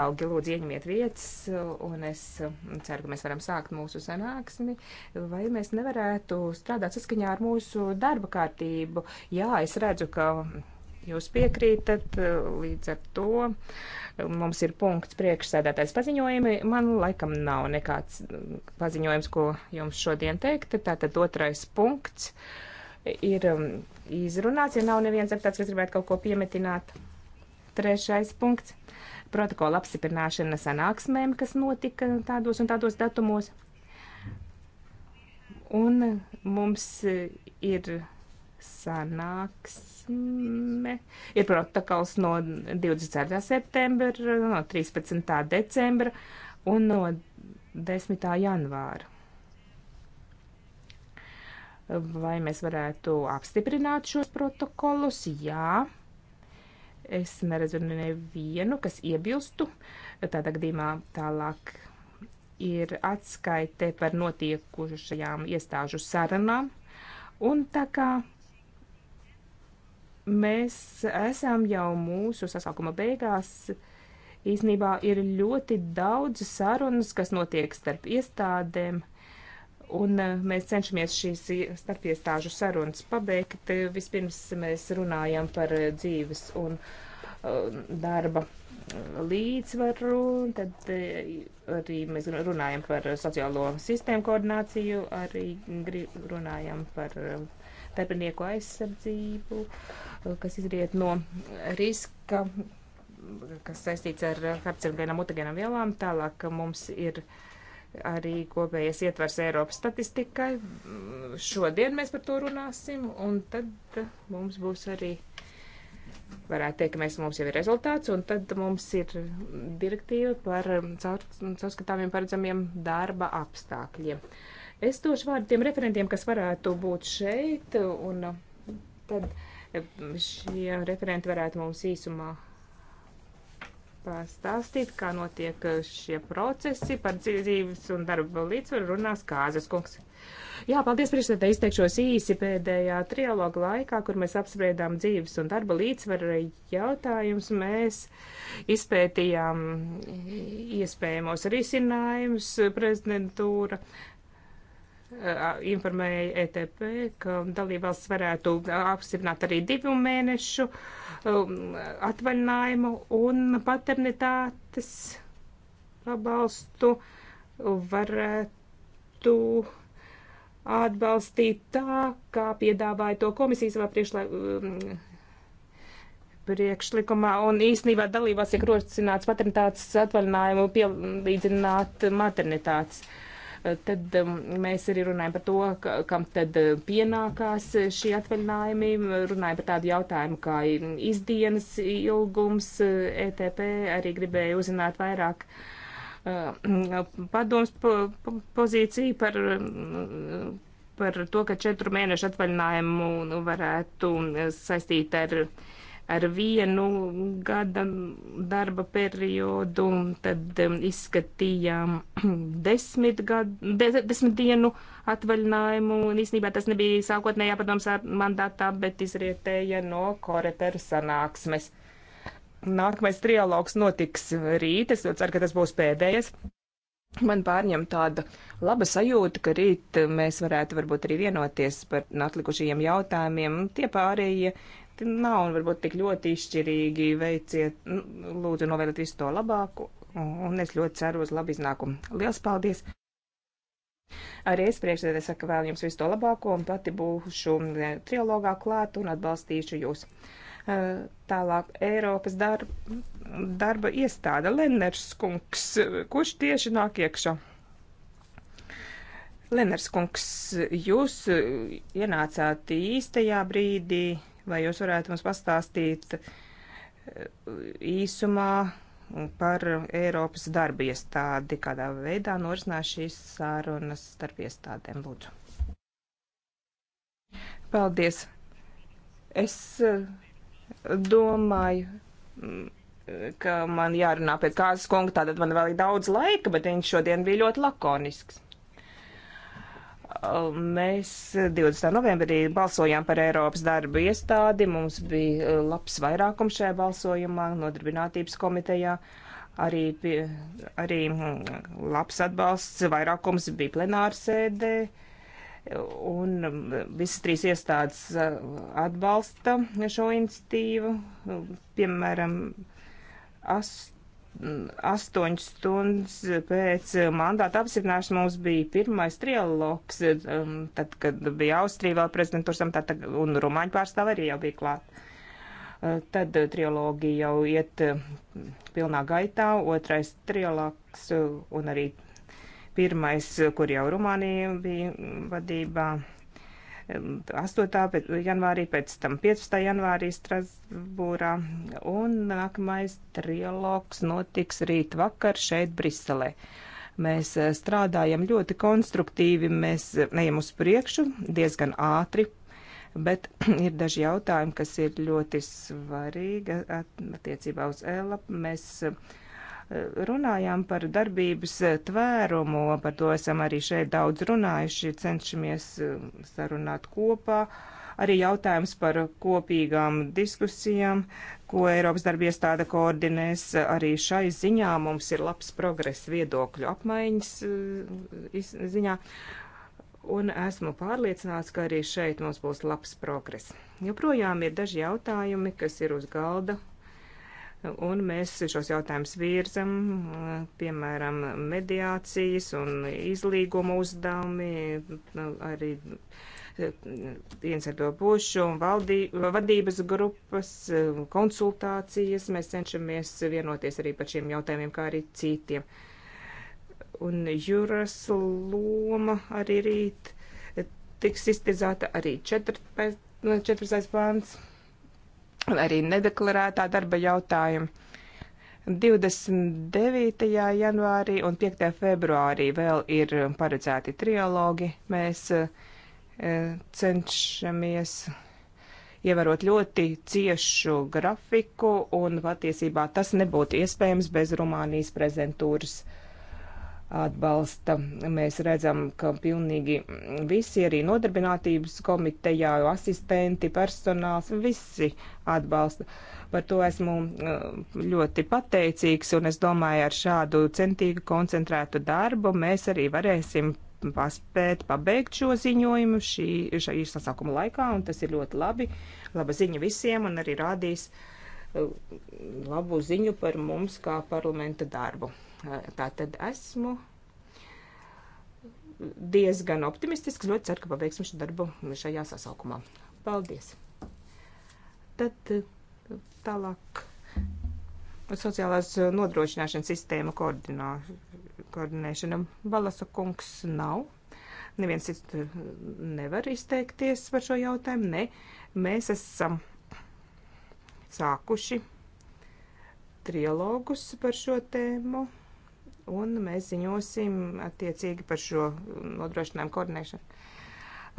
Augi, lūdzu, ieņemiet vietas, un es ceru, ka mēs varam sākt mūsu sanāksmi, vai mēs nevarētu strādāt saskaņā ar mūsu darba kārtību. Jā, es redzu, ka jūs piekrītat, līdz ar to mums ir punkts priekšsēdētājs paziņojumi. Man laikam nav nekāds paziņojums, ko jums šodien teikt, tātad otrais punkts ir um, izrunāts, ja nav neviens deputāts, kas gribētu kaut ko piemetināt. Trešais punkts protokola apstiprināšana sanāksmēm, kas notika tādos un tādos datumos. Un mums ir sanāksme, ir protokols no 24. septembra, no 13. decembra un no 10. janvāra. Vai mēs varētu apstiprināt šos protokolus? Jā. Es neredzu nevienu, kas iebilstu. Tādā gadījumā tālāk ir atskaite par notiekušajām iestāžu sarunām. Un tā kā mēs esam jau mūsu sasaukuma beigās, īsnībā ir ļoti daudz sarunas, kas notiek starp iestādēm, un e, mēs cenšamies šīs starp iestāžu sarunas pabeigt. E, vispirms mēs runājam par e, dzīves un darba līdzsvaru, tad e, arī mēs runājam par sociālo sistēmu koordināciju, arī runājam par e, darbinieku aizsardzību, e, kas izriet no riska, kas saistīts ar karcinogēnām, mutagēnām vielām. Tālāk mums ir arī kopējais ietvars Eiropas statistikai. Šodien mēs par to runāsim, un tad mums būs arī uh, varētu teikt, ka mēs, mums jau ir rezultāts, un tad mums ir direktīva par um, caurskatāmiem paredzamiem darba apstākļiem. Es došu vārdu tiem referentiem, kas varētu būt šeit, un um, tad um, šie referenti varētu mums īsumā pastāstīt, kā notiek eh, šie procesi par dzīves un darba līdzsvaru runās Kāzas kungs. Jā, paldies priekšsēdē, izteikšos īsi pēdējā trialoga laikā, kur mēs apspriedām dzīves un darba līdzsvaru jautājums. Mēs izpētījām iespējamos risinājumus prezidentūra informēja ETP, ka dalībvalsts varētu apstiprināt arī divu mēnešu um, atvaļinājumu un paternitātes pabalstu varētu atbalstīt tā, kā piedāvāja to komisijas savā priekšlaikumā priekšlikumā, un īsnībā dalībās ir rosināts paternitātes atvaļinājumu pielīdzināt maternitātes. Uh, Eh, tad um, mēs arī runājam par to, kam tad eh, pienākās eh, šie atvaļinājumi. Runājam par tādu jautājumu kā izdienas ilgums. ETP e arī gribēja uzzināt vairāk padoms pozīciju par par to, ka četru mēnešu atvaļinājumu varētu saistīt ar uh, ar vienu gada darba periodu, tad um, izskatījām desmit, gadu, de, desmit dienu atvaļinājumu, un īstenībā tas nebija sākotnējā padoms mandātā, bet izrietēja no koreperu sanāksmes. Nākamais trialogs notiks rīt, es ceru, ka tas būs pēdējais. Man pārņem tāda laba sajūta, ka rīt mēs varētu varbūt arī vienoties par atlikušajiem jautājumiem. Tie pārējie citi nav un varbūt tik ļoti izšķirīgi veiciet, nu, lūdzu novēlēt visu to labāku, un es ļoti ceru uz labu iznākumu. Liels paldies! Arī es priekšsēdē saku vēl jums visu to labāko un pati būšu e, trilogā klāt un atbalstīšu jūs. E, tālāk Eiropas darba, darba iestāde Lenners Kungs, kurš tieši nāk iekšā. Lenners Kungs, jūs e, ienācāt īstajā brīdī Vai jūs varētu mums pastāstīt eh, īsumā par Eiropas darba iestādi, kādā veidā norisinās šīs sārunas starp iestādēm, lūdzu? Paldies! Es eh, domāju, mm, ka man jārunā pēc kāzas kunga, tātad man vēl ir daudz laika, bet viņš šodien bija ļoti lakonisks. Mēs 20. novembrī balsojām par Eiropas darbu iestādi. Mums bija uh, labs vairākums šajā balsojumā, nodarbinātības komitejā. Arī, pie, arī mm, labs atbalsts, vairākums bija plenārsēdē. Un um, visas trīs iestādes uh, atbalsta šo institīvu. Piemēram, 8 astoņas stundas pēc eh, mandāta apstiprināšanas mums bija pirmais trialogs, eh, um, tad, kad bija Austrija vēl prezidentūras amatā, un Rumāņu pārstāv arī jau bija klāt. Eh, tad triologi jau iet pilnā gaitā, otrais trialogs un arī pirmais, kur jau Rumānija bija vadībā. 8. janvārī, pēc tam 15. janvārī Strasbūrā, un nākamais trialogs notiks rīt vakar šeit Briselē. Mēs eh, strādājam ļoti konstruktīvi, mēs ejam uz priekšu diezgan ātri, bet ir daži jautājumi, kas ir ļoti svarīgi attiecībā uz ELA. Mēs uh, runājām par darbības eh, tvērumu, par to esam arī šeit daudz runājuši, cenšamies eh, sarunāt kopā. Arī jautājums par kopīgām diskusijām, ko Eiropas darba iestāde koordinēs, arī šai ziņā mums ir labs progress viedokļu apmaiņas eh, ziņā. Un esmu pārliecināts, ka arī šeit mums būs labs progress. Joprojām ir daži jautājumi, kas ir uz galda Un mēs šos jautājumus virzam, piemēram, mediācijas un izlīguma uzdevumi, nu, arī viens ar to pušu un valdī, vadības grupas, konsultācijas. Mēs cenšamies vienoties arī par šiem jautājumiem, kā arī citiem. Un jūras loma arī rīt tiks iztizēta arī 14. 14. pāns arī nedeklarētā darba jautājumi. 29. janvārī un 5. februārī vēl ir paredzēti trialogi. Mēs eh, cenšamies ievērot ļoti ciešu grafiku, un patiesībā tas nebūtu iespējams bez Rumānijas prezentūras atbalsta. Mēs redzam, ka pilnīgi visi, arī nodarbinātības komitejā, asistenti, personāls, visi atbalsta. Par to esmu uh, ļoti pateicīgs, un es domāju, ar šādu centīgu, koncentrētu darbu mēs arī varēsim paspēt pabeigt šo ziņojumu šī, šī sasaukuma laikā, un tas ir ļoti labi. Laba ziņa visiem, un arī rādīs uh, labu ziņu par mums kā parlamenta darbu. Tā tad esmu diezgan optimistisks. Ļoti ceru, ka pabeigsim šo darbu šajā sasaukumā. Paldies! Tad tālāk sociālās nodrošināšanas sistēma koordinā, koordinēšana. Balasa kungs nav. Neviens cits nevar izteikties par šo jautājumu. Ne, mēs esam sākuši trilogus par šo tēmu un mēs ziņosim attiecīgi par šo nodrošinājumu koordinēšanu.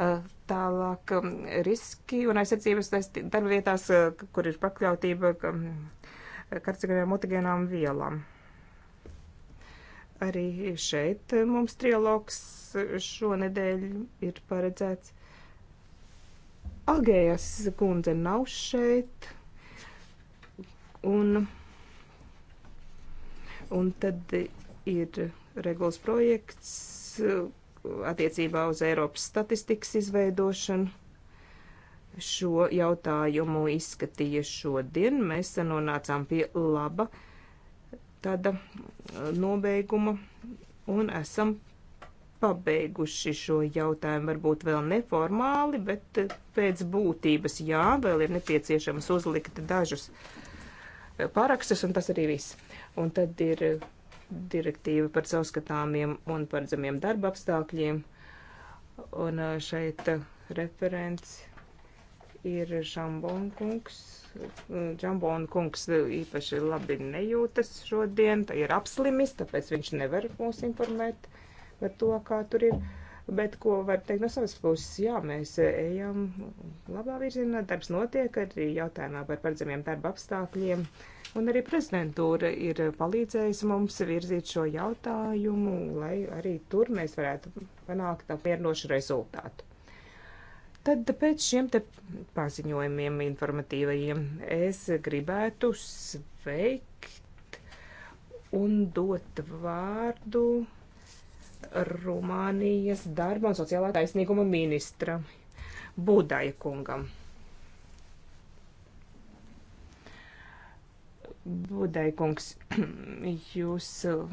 Uh, tālāk um, riski un aizsardzības darbvietās, uh, kur ir pakļautība um, karcinogēnām, mutagēnām vielām. Arī šeit uh, mums trialogs šonedēļ ir paredzēts. Agējas kundze nav šeit. Un, un tad ir regulas projekts uh, attiecībā uz Eiropas statistikas izveidošanu. Šo jautājumu izskatīja šodien. Mēs nonācām pie laba tāda uh, nobeiguma un esam pabeiguši šo jautājumu, varbūt vēl neformāli, bet uh, pēc būtības jā, vēl ir nepieciešams uzlikt dažus parakstus, un tas arī viss. Un tad ir direktīva par caurskatāmiem un paredzamiem darba apstākļiem. Un šeit referents ir Šambonkungs. Džambonkungs īpaši labi nejūtas šodien, tā ir apslimis, tāpēc viņš nevar mūs informēt par to, kā tur ir. Bet ko var teikt no savas puses? Jā, mēs ejam labā virzienā, darbs notiek arī jautājumā par paredzamiem darba apstākļiem. Un arī prezidentūra ir palīdzējusi mums virzīt šo jautājumu, lai arī tur mēs varētu panākt apmierinošu rezultātu. Tad pēc šiem te paziņojumiem informatīvajiem es gribētu sveikt un dot vārdu Rumānijas darba un sociālā taisnīguma ministra Budaja kungam. Budai kungs, jūs uh,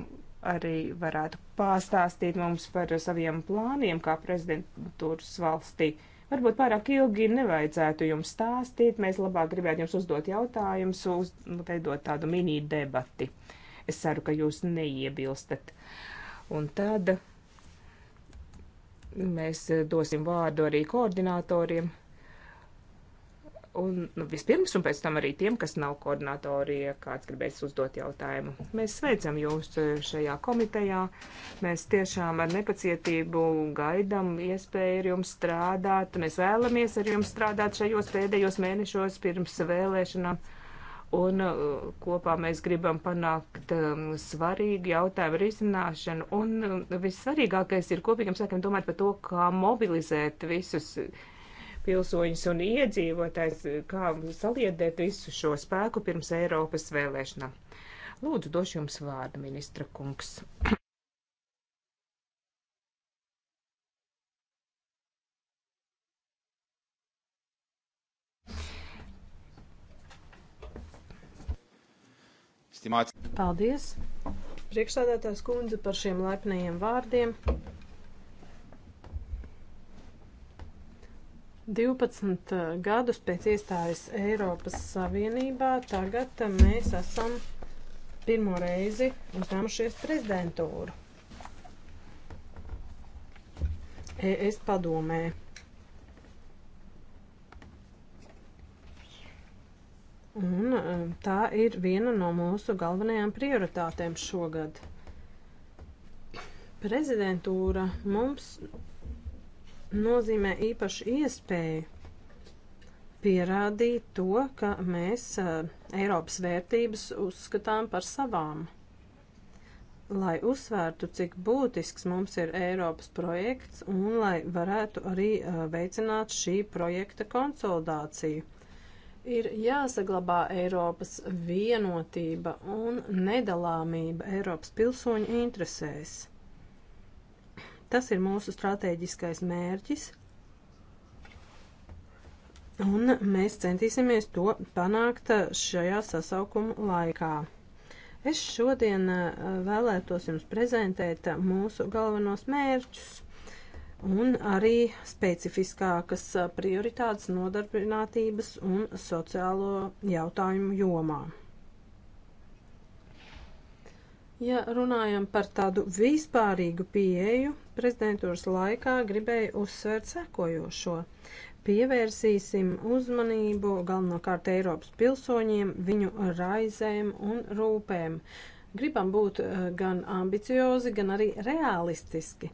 arī varētu pastāstīt mums par saviem plāniem kā prezidentūras valstī. Varbūt pārāk ilgi nevajadzētu jums stāstīt, mēs labāk gribētu jums uzdot jautājumus, uz, veidot tādu mini debati. Es ceru, ka jūs neiebilstat. Uh, Un tad mēs dosim vārdu arī koordinatoriem. Un nu, vispirms, un pēc tam arī tiem, kas nav koordinatori, ja kāds gribēs uzdot jautājumu. Mēs sveicam jūs šajā komitejā. Mēs tiešām ar nepacietību gaidam iespēju ar jums strādāt. Mēs vēlamies ar jums strādāt šajos pēdējos mēnešos pirms vēlēšanām un uh, kopā mēs gribam panākt um, svarīgu jautājumu risināšanu. Un um, vissvarīgākais ir kopīgiem sakiem domāt par to, kā mobilizēt visus pilsoņus un iedzīvotājs, kā saliedēt visu šo spēku pirms Eiropas vēlēšanām. Lūdzu, došu jums vārdu, ministra kungs. much. Paldies! Priekšsādātājs kundze par šiem laipnajiem vārdiem. 12 eh, gadus pēc iestājas Eiropas Savienībā tagad eh, mēs esam pirmo reizi uzņēmušies prezidentūru. E, ES padomē. Un e, tā ir viena no mūsu galvenajām prioritātēm šogad. Prezidentūra mums nozīmē īpašu iespēju pierādīt to, ka mēs e, Eiropas vērtības uzskatām par savām. Lai uzsvērtu, cik būtisks mums ir Eiropas projekts un lai varētu arī e, veicināt šī projekta konsolidāciju ir jāsaglabā Eiropas vienotība un nedalāmība Eiropas pilsoņu interesēs. Tas ir mūsu strateģiskais mērķis, un mēs centīsimies to panākt šajā sasaukuma laikā. Es šodien eh, vēlētos jums prezentēt mūsu galvenos mērķus un arī specifiskākas prioritātes nodarbinātības un sociālo jautājumu jomā. Ja runājam par tādu vispārīgu pieeju, prezidentūras laikā gribēju uzsvērt sekojošo. Pievērsīsim uzmanību galvenokārt Eiropas pilsoņiem, viņu raizēm un rūpēm. Uh, Gribam būt eh, gan ambiciozi, gan arī realistiski.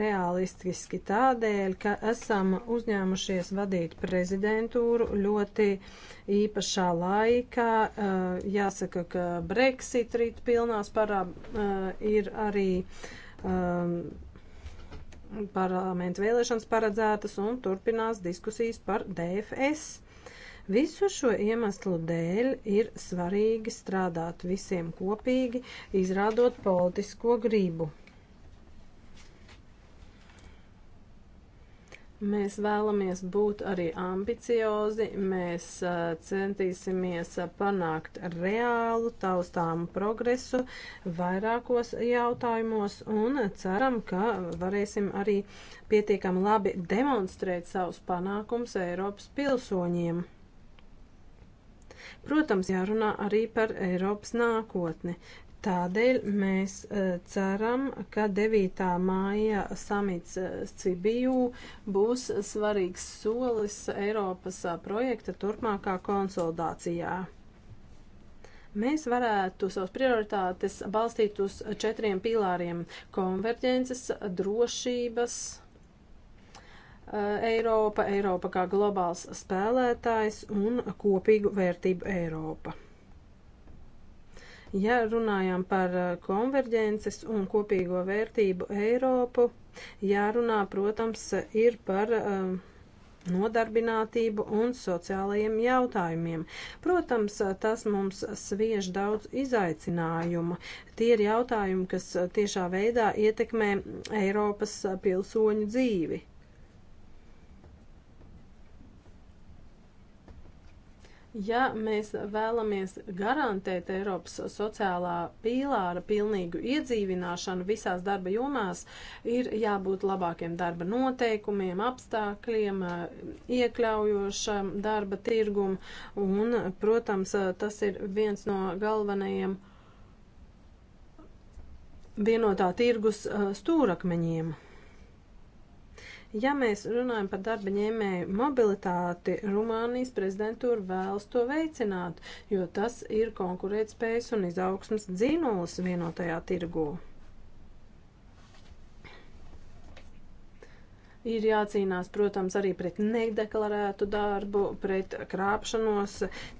Realistiski tādēļ, ka esam uzņēmušies vadīt prezidentūru ļoti īpašā laikā. Eh, jāsaka, ka Brexit rīt pilnās parā eh, ir arī ehm, parlamentu vēlēšanas paredzētas un turpinās diskusijas par DFS. Visu šo iemeslu dēļ ir svarīgi strādāt visiem kopīgi, izrādot politisko gribu. Mēs vēlamies būt arī ambiciozi, mēs centīsimies panākt reālu taustāmu progresu vairākos jautājumos un ceram, ka varēsim arī pietiekami labi demonstrēt savus panākums Eiropas pilsoņiem. Protams, jārunā arī par Eiropas nākotni. Tādēļ mēs eh, ceram, ka 9. māja samits eh, Cibijū būs svarīgs solis Eiropas eh, projekta turpmākā konsolidācijā. Mēs varētu savas prioritātes balstīt uz četriem pīlāriem - konverģences, drošības, Eh, Eiropa, Eiropa kā globāls spēlētājs un kopīgu vērtību Eiropa. Ja runājam par eh, konverģences un kopīgo vērtību Eiropu, jārunā, protams, ir par eh, nodarbinātību un sociālajiem jautājumiem. Protams, tas mums sviež daudz izaicinājumu. Tie ir jautājumi, kas tiešā veidā ietekmē Eiropas pilsoņu dzīvi. Ja mēs vēlamies garantēt Eiropas sociālā pīlāra pilnīgu iedzīvināšanu visās darba jomās, ir jābūt labākiem darba noteikumiem, apstākļiem, eh, iekļaujošam darba tirgum, un, protams, eh, tas ir viens no galvenajiem vienotā tirgus eh, stūrakmeņiem. Ja mēs runājam par darba ņēmēju mobilitāti, Rumānijas prezidentūra vēlas to veicināt, jo tas ir konkurētspējas un izaugsmas dzīnulis vienotajā tirgū. Ir jācīnās, protams, arī pret nedeklarētu darbu, pret krāpšanos.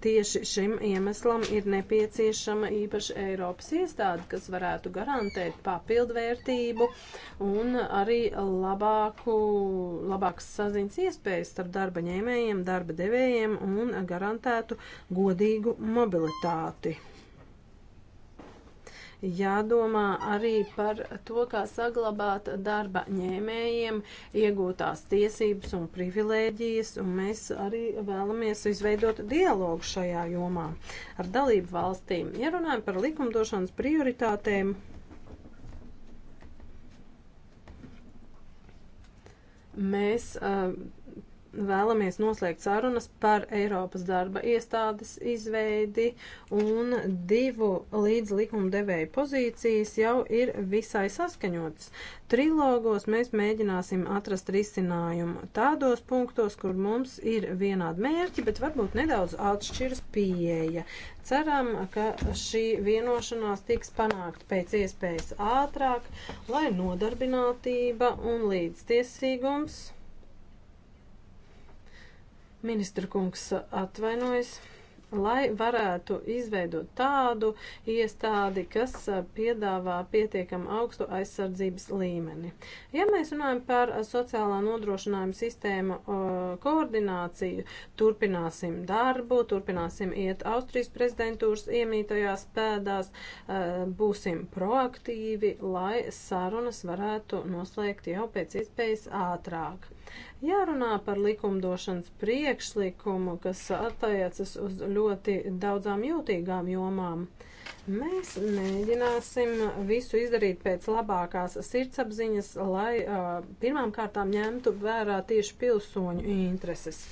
Tieši šim iemeslam ir nepieciešama īpaši Eiropas iestāde, kas varētu garantēt papildvērtību un arī labāku, labākas saziņas iespējas starp darba ņēmējiem, darba devējiem un garantētu godīgu mobilitāti jādomā arī par to, kā saglabāt darba ņēmējiem iegūtās tiesības un privilēģijas, un mēs arī vēlamies izveidot dialogu šajā jomā ar dalību valstīm. Ja runājam par likumdošanas prioritātēm, mēs. Uh, vēlamies noslēgt sarunas par Eiropas darba iestādes izveidi un divu līdz likumdevēju pozīcijas jau ir visai saskaņotas. Trilogos mēs mēģināsim atrast risinājumu tādos punktos, kur mums ir vienādi mērķi, bet varbūt nedaudz atšķiras pieeja. Ceram, ka šī vienošanās tiks panākt pēc iespējas ātrāk, lai nodarbinātība un līdztiesīgums Ministra kungs atvainojas lai varētu izveidot tādu iestādi, kas piedāvā pietiekam augstu aizsardzības līmeni. Ja mēs runājam par sociālā nodrošinājuma sistēmu koordināciju, turpināsim darbu, turpināsim iet Austrijas prezidentūras iemītajās pēdās, būsim proaktīvi, lai sarunas varētu noslēgt jau pēc iespējas ātrāk. Jārunā par likumdošanas priekšlikumu, kas attiecas uz ļoti daudzām jūtīgām jomām. Mēs mēģināsim visu izdarīt pēc labākās sirdsapziņas, lai uh, pirmām kārtām ņemtu vērā tieši pilsoņu intereses.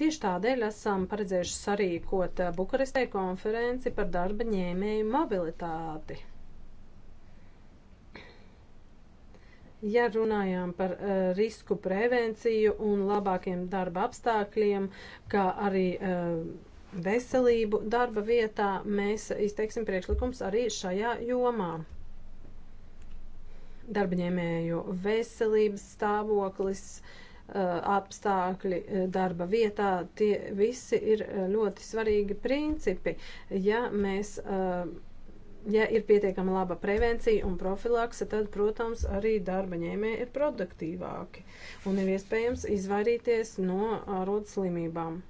Tieši tādēļ esam paredzējuši sarīkot Bukarestē konferenci par darba ņēmēju mobilitāti. Ja runājām par uh, risku prevenciju un labākiem darba apstākļiem, kā arī uh, veselību darba vietā, mēs izteiksim priekšlikums arī šajā jomā. Darbaņēmēju veselības stāvoklis, uh, apstākļi darba vietā, tie visi ir ļoti svarīgi principi, ja mēs uh, Ja ir pietiekama laba prevencija un profilakse, tad, protams, arī darba ņēmēji ir produktīvāki un ir iespējams izvairīties no rodas slimībām.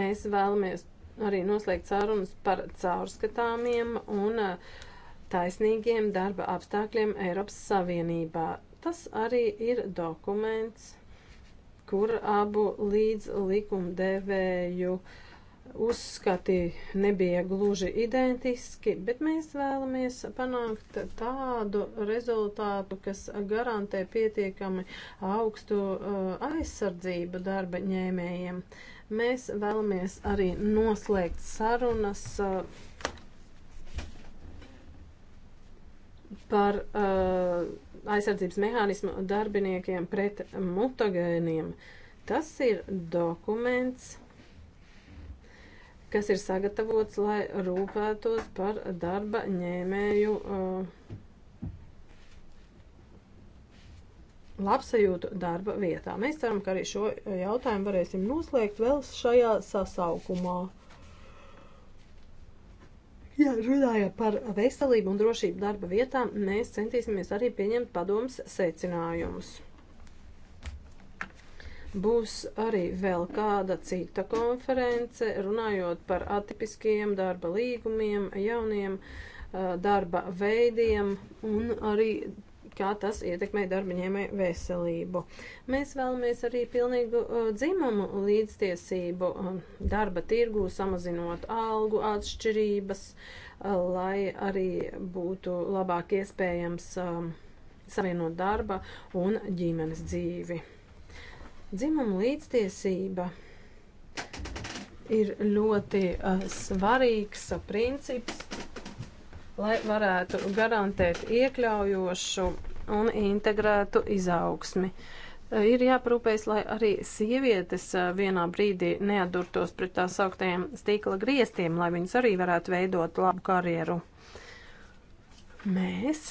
Mēs vēlamies arī noslēgt sarunas par caurskatāmiem un taisnīgiem darba apstākļiem Eiropas Savienībā. Tas arī ir dokuments kur abu līdz likumdevēju uzskati nebija gluži identiski, bet mēs vēlamies panākt tādu rezultātu, kas garantē pietiekami augstu uh, aizsardzību darba ņēmējiem. Mēs vēlamies arī noslēgt sarunas. Uh, par uh, aizsardzības mehānismu darbiniekiem pret mutagēniem. Tas ir dokuments, kas ir sagatavots, lai rūpētos par darba ņēmēju uh, labsajūtu darba vietā. Mēs ceram, ka arī šo jautājumu varēsim noslēgt vēl šajā sasaukumā. Ja runājam par veselību un drošību darba vietā, mēs centīsimies arī pieņemt padomus secinājumus. Būs arī vēl kāda cita konference, runājot par atipiskiem darba līgumiem, jauniem darba veidiem un arī kā tas ietekmē darbaņēmē veselību. Mēs vēlamies arī pilnīgu uh, dzimumu līdztiesību um, darba tirgū, samazinot algu atšķirības, uh, lai arī būtu labāk iespējams um, savienot darba un ģimenes dzīvi. Dzimuma līdztiesība ir ļoti uh, svarīgs uh, princips, lai varētu garantēt iekļaujošu un integrētu izaugsmi. Eh, ir jāprūpējas, lai arī sievietes eh, vienā brīdī neadurtos pret tā sauktajiem stīkla griestiem, lai viņas arī varētu veidot labu karjeru. Mēs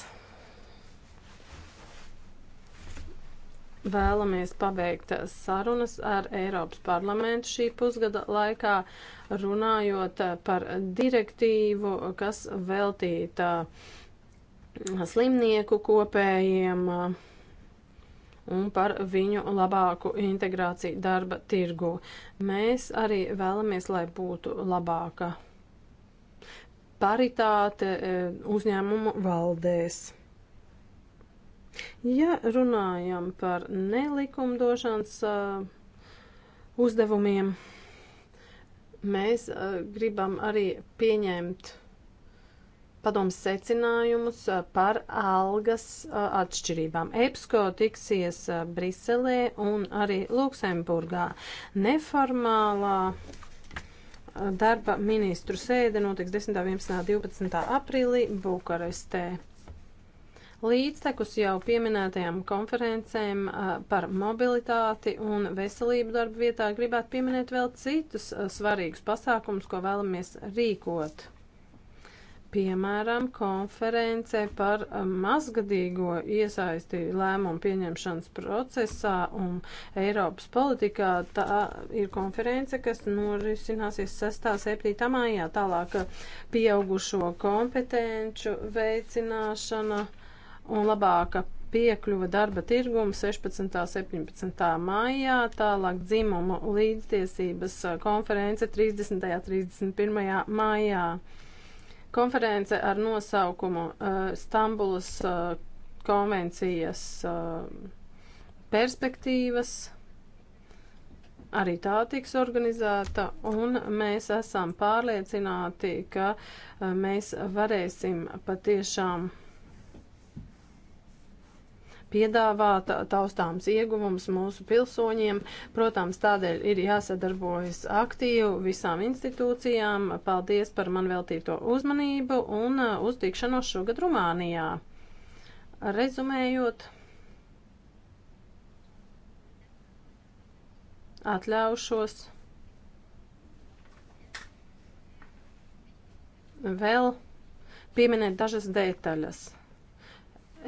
vēlamies pabeigt sarunas ar Eiropas parlamentu šī pusgada laikā, runājot par direktīvu, kas veltīta uh, slimnieku kopējiem uh, un par viņu labāku integrāciju darba tirgu. Mēs arī vēlamies, lai būtu labāka paritāte e, uzņēmumu valdēs. Ja runājam par nelikumdošanas uh, uzdevumiem, mēs uh, gribam arī pieņemt padomus secinājumus par algas atšķirībām. EPSCO tiksies Briselē un arī Luksemburgā. Neformālā darba ministru sēde notiks 10., 11., 12. aprīlī Bukarestē. Līdztekus jau pieminētajām konferencēm par mobilitāti un veselību darba vietā gribētu pieminēt vēl citus svarīgus pasākumus, ko vēlamies rīkot. Piemēram, konferencē par eh, mazgadīgo iesaisti lēmumu pieņemšanas procesā un Eiropas politikā. Tā ir konference, kas norisināsies 6.7. maijā. Tālāk eh, pieaugušo kompetenču veicināšana un labāka piekļuva darba tirgumu 16. un 17. maijā, tālāk dzimumu līdztiesības eh, konference 30. un 31. maijā konference ar nosaukumu uh, Stambulas uh, konvencijas uh, perspektīvas arī tā tiks organizēta, un mēs esam pārliecināti, ka mēs varēsim patiešām piedāvāt taustāms ieguvums mūsu pilsoņiem. Protams, tādēļ ir jāsadarbojas aktīvi visām institūcijām. Paldies par man veltīto uzmanību un uh, uz tikšanos šogad Rumānijā. Rezumējot, atļaušos vēl pieminēt dažas detaļas.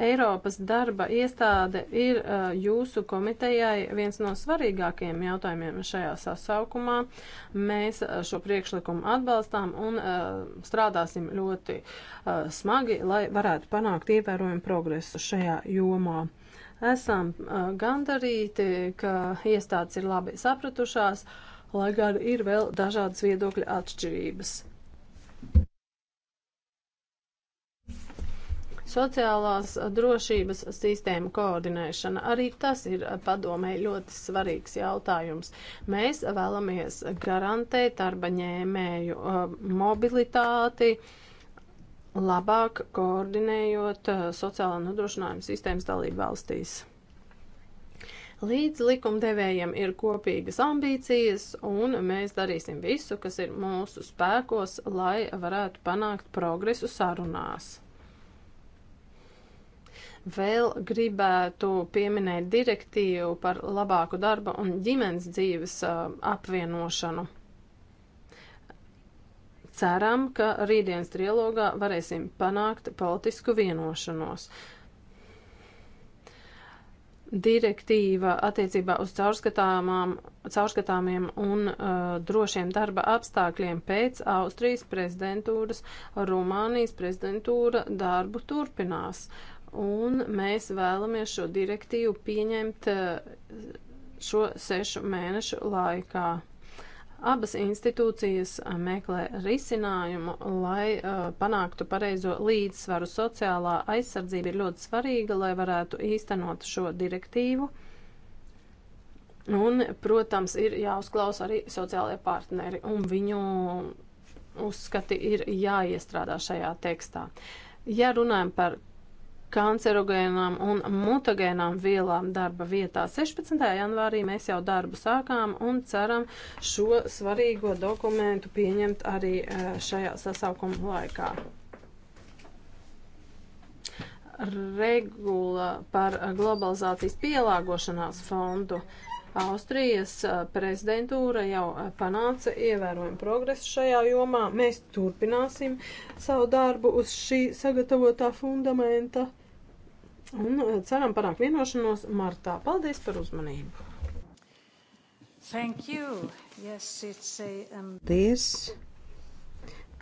Eiropas darba iestāde ir uh, jūsu komitejai viens no svarīgākajiem jautājumiem šajā sasaukumā. Mēs uh, šo priekšlikumu atbalstām un uh, strādāsim ļoti uh, smagi, lai varētu panākt ievērojumu progresu šajā jomā. Esam uh, gandarīti, ka iestādes ir labi sapratušās, lai gan ir vēl dažādas viedokļa atšķirības. Sociālās drošības sistēma koordinēšana arī tas ir padomē ļoti svarīgs jautājums. Mēs vēlamies garantēt darba ņēmēju uh, mobilitāti, labāk koordinējot uh, sociālā nodrošinājuma sistēmas dalību valstīs līdz likumdevējiem ir kopīgas ambīcijas, un mēs darīsim visu, kas ir mūsu spēkos, lai varētu panākt progresu sarunās. Vēl gribētu pieminēt direktīvu par labāku darba un ģimenes dzīves apvienošanu ceram, ka rītdienas trilogā varēsim panākt politisku vienošanos. Direktīva attiecībā uz caurskatāmiem un uh, drošiem darba apstākļiem pēc Austrijas prezidentūras, Rumānijas prezidentūra darbu turpinās un mēs vēlamies šo direktīvu pieņemt eh, šo sešu mēnešu laikā. Abas institūcijas eh, meklē risinājumu, lai uh, panāktu pareizo līdzsvaru. Sociālā aizsardzība ir ļoti svarīga, lai varētu īstenot šo direktīvu. Un, protams, ir jāuzklaus arī sociālajie partneri, un viņu uzskati ir jāiestrādā šajā tekstā. Ja runājam par kancerogēnām un mutagēnām vielām darba vietā. 16. janvārī mēs jau darbu sākām un ceram šo svarīgo dokumentu pieņemt arī eh, šajā sasaukuma laikā. Regula par globalizācijas pielāgošanās fondu Austrijas eh, prezidentūra jau eh, panāca ievērojumu progresu šajā jomā. Mēs turpināsim savu darbu uz šī sagatavotā fundamenta. Un eh, ceram panākt vienošanos martā. Paldies par uzmanību! Thank you. Yes, it's a, um... Paldies.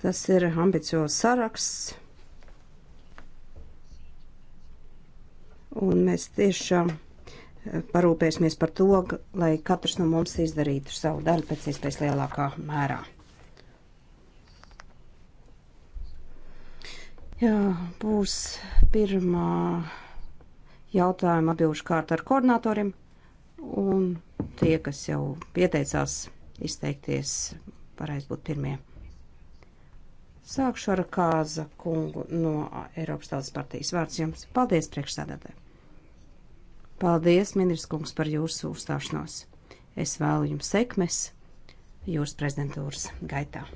Tas ir ambiciozs saraksts. Un mēs tiešām eh, parūpēsimies par to, lai katrs no mums izdarītu savu darbu pēc iespējas lielākā mērā. Jā, būs pirmā jautājumu atbilžu kārt ar koordinatoriem, un tie, kas jau pieteicās izteikties, varēs būt pirmie. Sākšu ar Kāza kungu no Eiropas Tautas partijas vārds jums. Paldies, priekšsēdētāji! Paldies, ministrs kungs, par jūsu uzstāšanos! Es vēlu jums sekmes jūras prezidentūras gaitā!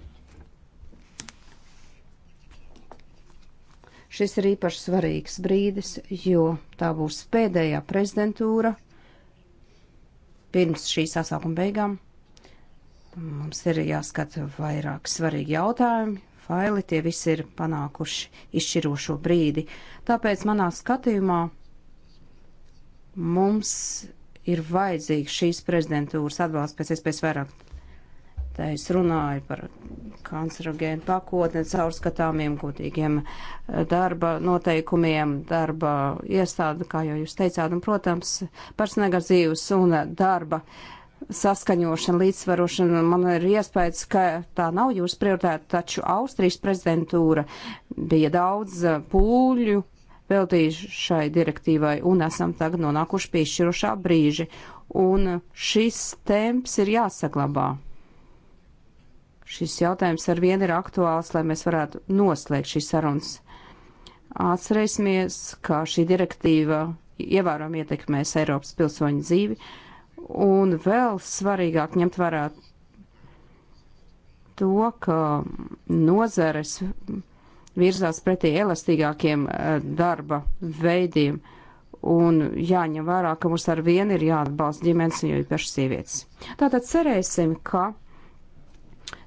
Šis ir īpaši svarīgs brīdis, jo tā būs pēdējā prezidentūra pirms šī sasākuma beigām. Mums ir jāskata vairāk svarīgi jautājumi, faili tie visi ir panākuši izšķirošo brīdi. Tāpēc manā skatījumā mums ir vajadzīgs šīs prezidentūras atbalsts pēc iespējas vairāk. Te es runāju par kancerogēnu pakotni, caurskatāmiem, godīgiem eh, darba noteikumiem, darba iestādi, kā jau jūs teicāt, un, protams, personīgā dzīves un darba saskaņošana, līdzsvarošana. Man ir iespējas, ka tā nav jūsu prioritāte, taču Austrijas prezidentūra bija daudz eh, pūļu veltījuši šai direktīvai un esam tagad nonākuši pie izšķirošā brīža. Un šis temps ir jāsaglabā. Šis jautājums ar vienu ir aktuāls, lai mēs varētu noslēgt šīs sarunas. Atcerēsimies, kā šī direktīva ievērojami ietekmēs Eiropas pilsoņu dzīvi, un vēl svarīgāk ņemt vērā to, ka nozares virzās pretī elastīgākiem eh, darba veidiem, un jāņem vērā, ka mums ar vienu ir jāatbalsta ģimenes, jo īpaši sievietes. Tātad cerēsim, ka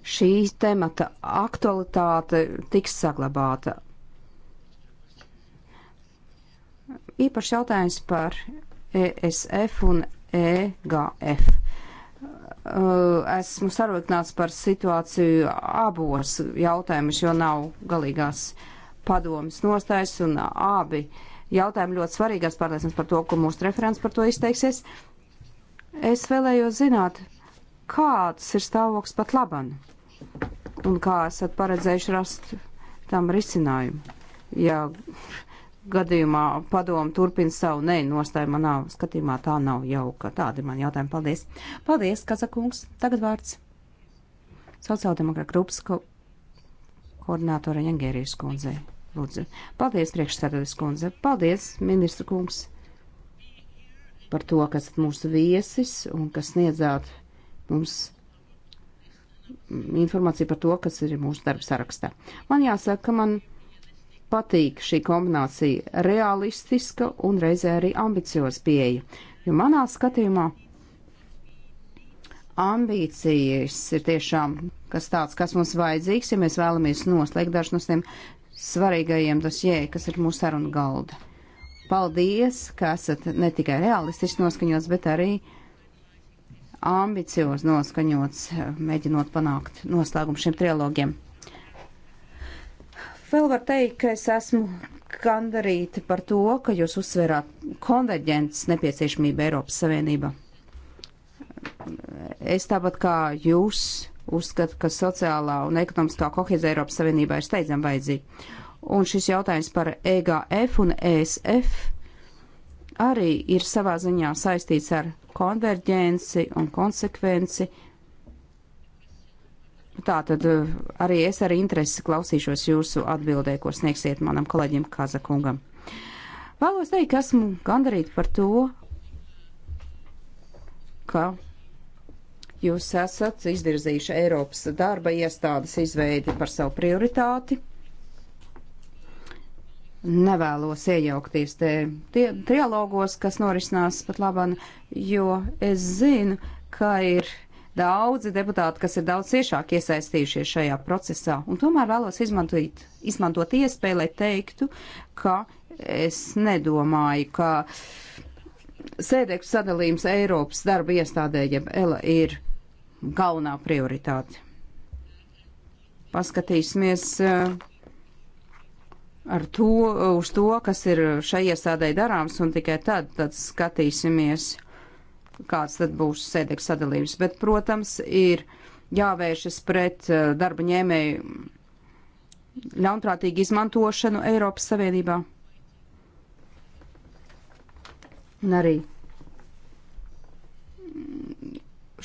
šīs temata aktualitāte tiks saglabāta. Īpaši jautājums par ESF un EGF. Uh, esmu sarūtināts par situāciju abos jautājumus, jo nav galīgās padomas nostājas un abi jautājumi ļoti svarīgās pārliecības par to, ko mūsu referents par to izteiksies. Es vēlējos zināt, kāds ir stāvoklis pat labam un kā esat paredzējuši rast tam risinājumu. Ja gadījumā padomu turpina savu nē, nostāju manā skatījumā tā nav jauka. Tādi man jautājumi. Paldies. Paldies, Kazakungs. Tagad vārds sociāldemokrāta grupas ko koordinātore Jangērijas kundzei. Lūdzu. Paldies, priekšstādājas kundze. Paldies, ministra kungs, par to, kas esat mūsu viesis un kas sniedzāt mums informāciju par to, kas ir mūsu darba sarakstā. Man jāsaka, ka man patīk šī kombinācija - realistiska un reizē arī ambicioza pieeja, jo manā skatījumā ambīcijas ir tiešām kas tāds, kas mums vajadzīgs, ja mēs vēlamies noslēgt dažus no tiem svarīgajiem dosjē, kas ir mūsu saruna galda. Paldies, ka esat ne tikai realistiski noskaņots, bet arī uh, ambiciozi noskaņots, mēģinot panākt noslēgumu šiem trilogiem. Vēl var teikt, ka es esmu gandarīti par to, ka jūs uzsverāt konverģences nepieciešamību Eiropas Savienībā. Es tāpat kā jūs uzskatu, ka sociālā un ekonomiskā kohēzija Eiropas Savienībā ir steidzam vajadzīga. Un šis jautājums par EGF un ESF arī ir savā ziņā saistīts ar konverģenci un konsekvenci. Tā tad eh, arī es ar interesi klausīšos jūsu atbildē, ko sniegsiet manam kolēģim Kazakungam. Vēlos teikt, ka esmu gandarīta par to, ka jūs esat izvirzījuši Eiropas darba iestādes izveidi par savu prioritāti nevēlos iejaukties te tie, trialogos, kas norisinās pat labam, jo es zinu, ka ir daudzi deputāti, kas ir daudz ciešāk iesaistījušies šajā procesā, un tomēr vēlos izmantot, izmantot iespēju, lai teiktu, ka es nedomāju, ka sēdekļu sadalījums Eiropas darba iestādē, jeb ELA, ir galvenā prioritāte. Paskatīsimies. Uh, ar to, uz to, kas ir šai iestādē darāms, un tikai tad, tad skatīsimies, kāds tad būs sēdeks sadalījums. Bet, protams, ir jāvēršas pret eh, darba ņēmēju ļaunprātīgu izmantošanu Eiropas Savienībā. Un arī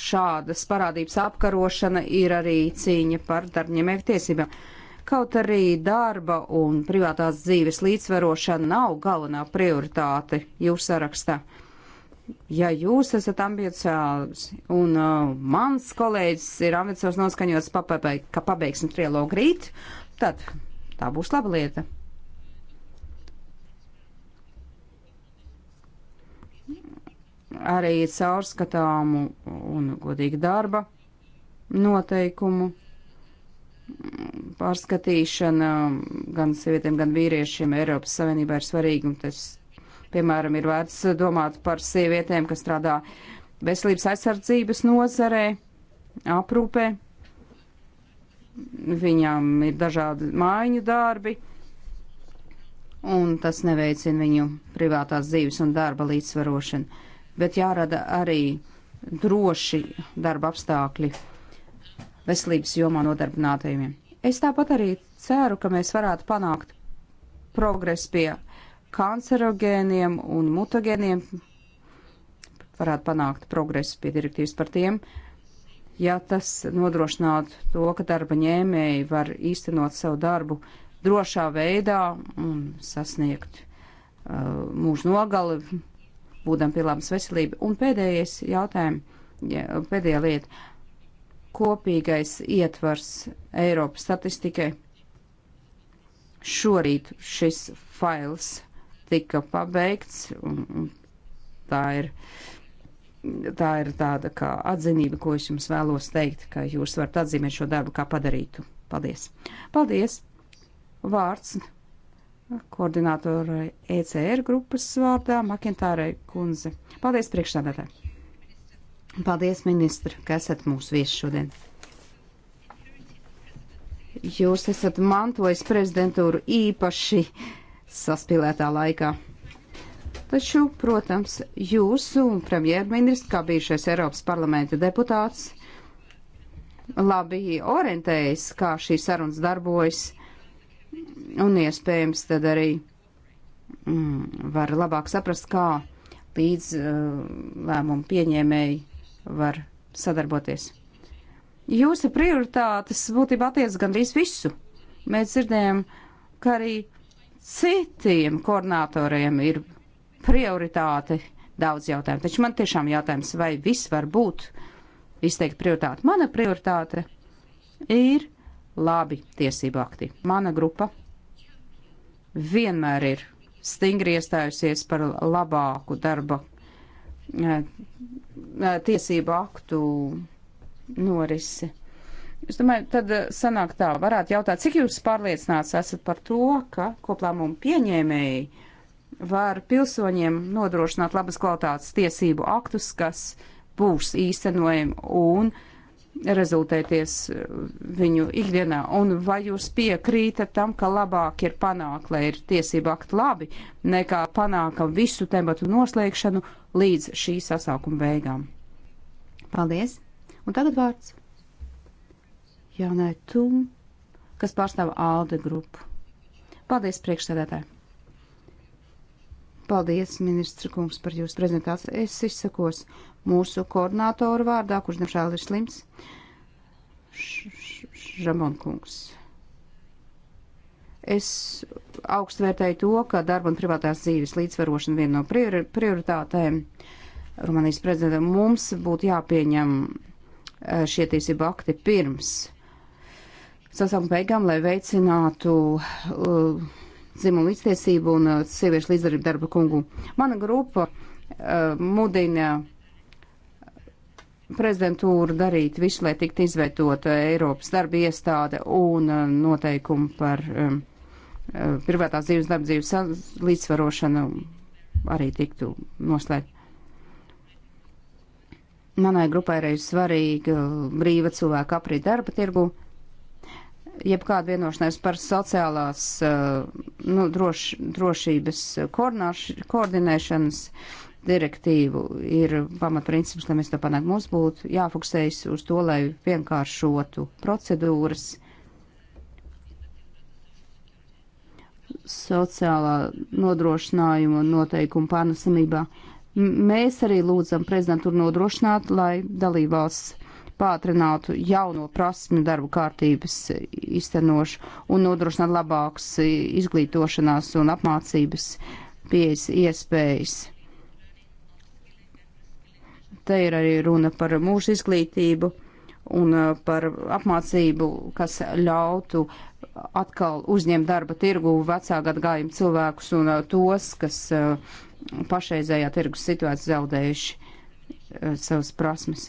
šādas parādības apkarošana ir arī cīņa par darbņēmēju tiesībām. Kaut arī darba un privātās dzīves līdzsvarošana nav galvenā prioritāte jūsu sarakstā. Ja jūs esat ambiciāls un uh, mans kolēģis ir ambiciāls noskaņots, papabeig, ka pabeigsim trilogu rīt, tad tā būs laba lieta. arī caurskatāmu un godīgu darba noteikumu pārskatīšana gan sievietēm, gan vīriešiem Eiropas Savienībā ir svarīga, un tas, piemēram, ir vērts domāt par sievietēm, kas strādā veselības aizsardzības nozarē, aprūpē. Viņām ir dažādi mājiņu darbi, un tas neveicina viņu privātās dzīves un darba līdzsvarošanu. Bet jārada arī droši darba apstākļi veselības jomā nodarbinātajiem. Es tāpat arī ceru, ka mēs varētu panākt progresu pie kancerogēniem un mutagēniem, varētu panākt progresu pie direktīvas par tiem, ja tas nodrošinātu to, ka darba ņēmēji var īstenot savu darbu drošā veidā un sasniegt uh, mūžu nogali, būdam pie labas veselība. Un pēdējais jautājums, ja, pēdējā lieta kopīgais ietvars Eiropas statistikai. Šorīt šis fails tika pabeigts, un tā ir, tā ir tāda kā atzinība, ko es jums vēlos teikt, ka jūs varat atzīmēt šo darbu kā padarītu. Paldies! Paldies! Vārds koordinātorai ECR grupas vārdā Makintārai Kunze. Paldies priekšstādātāji! Paldies, ministra, ka esat mūsu viesi šodien. Jūs esat mantojis prezidentūru īpaši saspīlētā laikā. Taču, protams, jūsu premjerministrs, kā bijušais Eiropas parlamenta deputāts, labi orientējas, kā šī sarunas darbojas, un iespējams tad arī mm, var labāk saprast, kā līdz uh, lēmumu pieņēmēji var sadarboties. Jūsu prioritātes būtībā attiec gandrīz visu. Mēs dzirdējam, ka arī citiem koordinatoriem ir prioritāte daudz jautājumu. Taču man tiešām jautājums, vai viss var būt izteikti prioritāte. Mana prioritāte ir labi tiesību akti. Mana grupa vienmēr ir stingri iestājusies par labāku darba Eh, eh, tiesību aktu norisi. Es domāju, tad eh, sanāk tā, varētu jautāt, cik jūs pārliecināts esat par to, ka koplēmumu pieņēmēji var pilsoņiem nodrošināt labas kvalitātes tiesību aktus, kas būs īstenojami un rezultēties viņu ikdienā. Un vai jūs piekrītat tam, ka labāk ir panākt, lai ir tiesību akti labi, nekā panākam visu tematu noslēgšanu līdz šī sasaukuma beigām. Paldies! Un tagad vārds Jānai Tum, kas pārstāv ALDE grupu. Paldies, priekšsēdētāji! Paldies, ministra kungs, par jūsu prezentāciju. Es izsakos mūsu koordinātoru vārdā, kurš, diemžēl, ir slims. Žamon kungs. Es augstu vērtēju to, ka darba un privātās dzīves līdzsvarošana viena no priori prioritātēm Rumānijas prezidentam mums būtu jāpieņem e, šie tiesību akti pirms sasaukuma beigām, lai veicinātu uh, dzimumu līdztiesību un uh, sieviešu līdzdarību darba kungu. Mana grupa uh, mudina prezidentūru darīt visu, lai tiktu izveidota Eiropas darba iestāde un noteikumi par um, Eh, privātās dzīves un darbdzīves līdzsvarošana arī tiktu noslēgta. Manai grupai ir svarīga brīva cilvēka aprīt darba tirgu, jebkāda vienošanās par sociālās eh, nu, droš, drošības koordinēšanas direktīvu ir pamatprincips, lai mēs to panāktu. Mums būtu jāfokusējas uz to, lai vienkāršotu procedūras sociālā nodrošinājuma noteikuma pārnesamībā. Mēs arī lūdzam prezidentūru nodrošināt, lai dalībvalsts pātrinātu jauno prasmu darbu kārtības iztenošu un nodrošināt labāks izglītošanās un apmācības pieejas iespējas. Te ir arī runa par mūža izglītību un uh, par apmācību, kas ļautu uh, atkal uzņemt darba tirgu vecāku atgājumu cilvēkus un uh, tos, kas uh, pašreizējā tirgus situācijā zaudējuši uh, savas prasmes.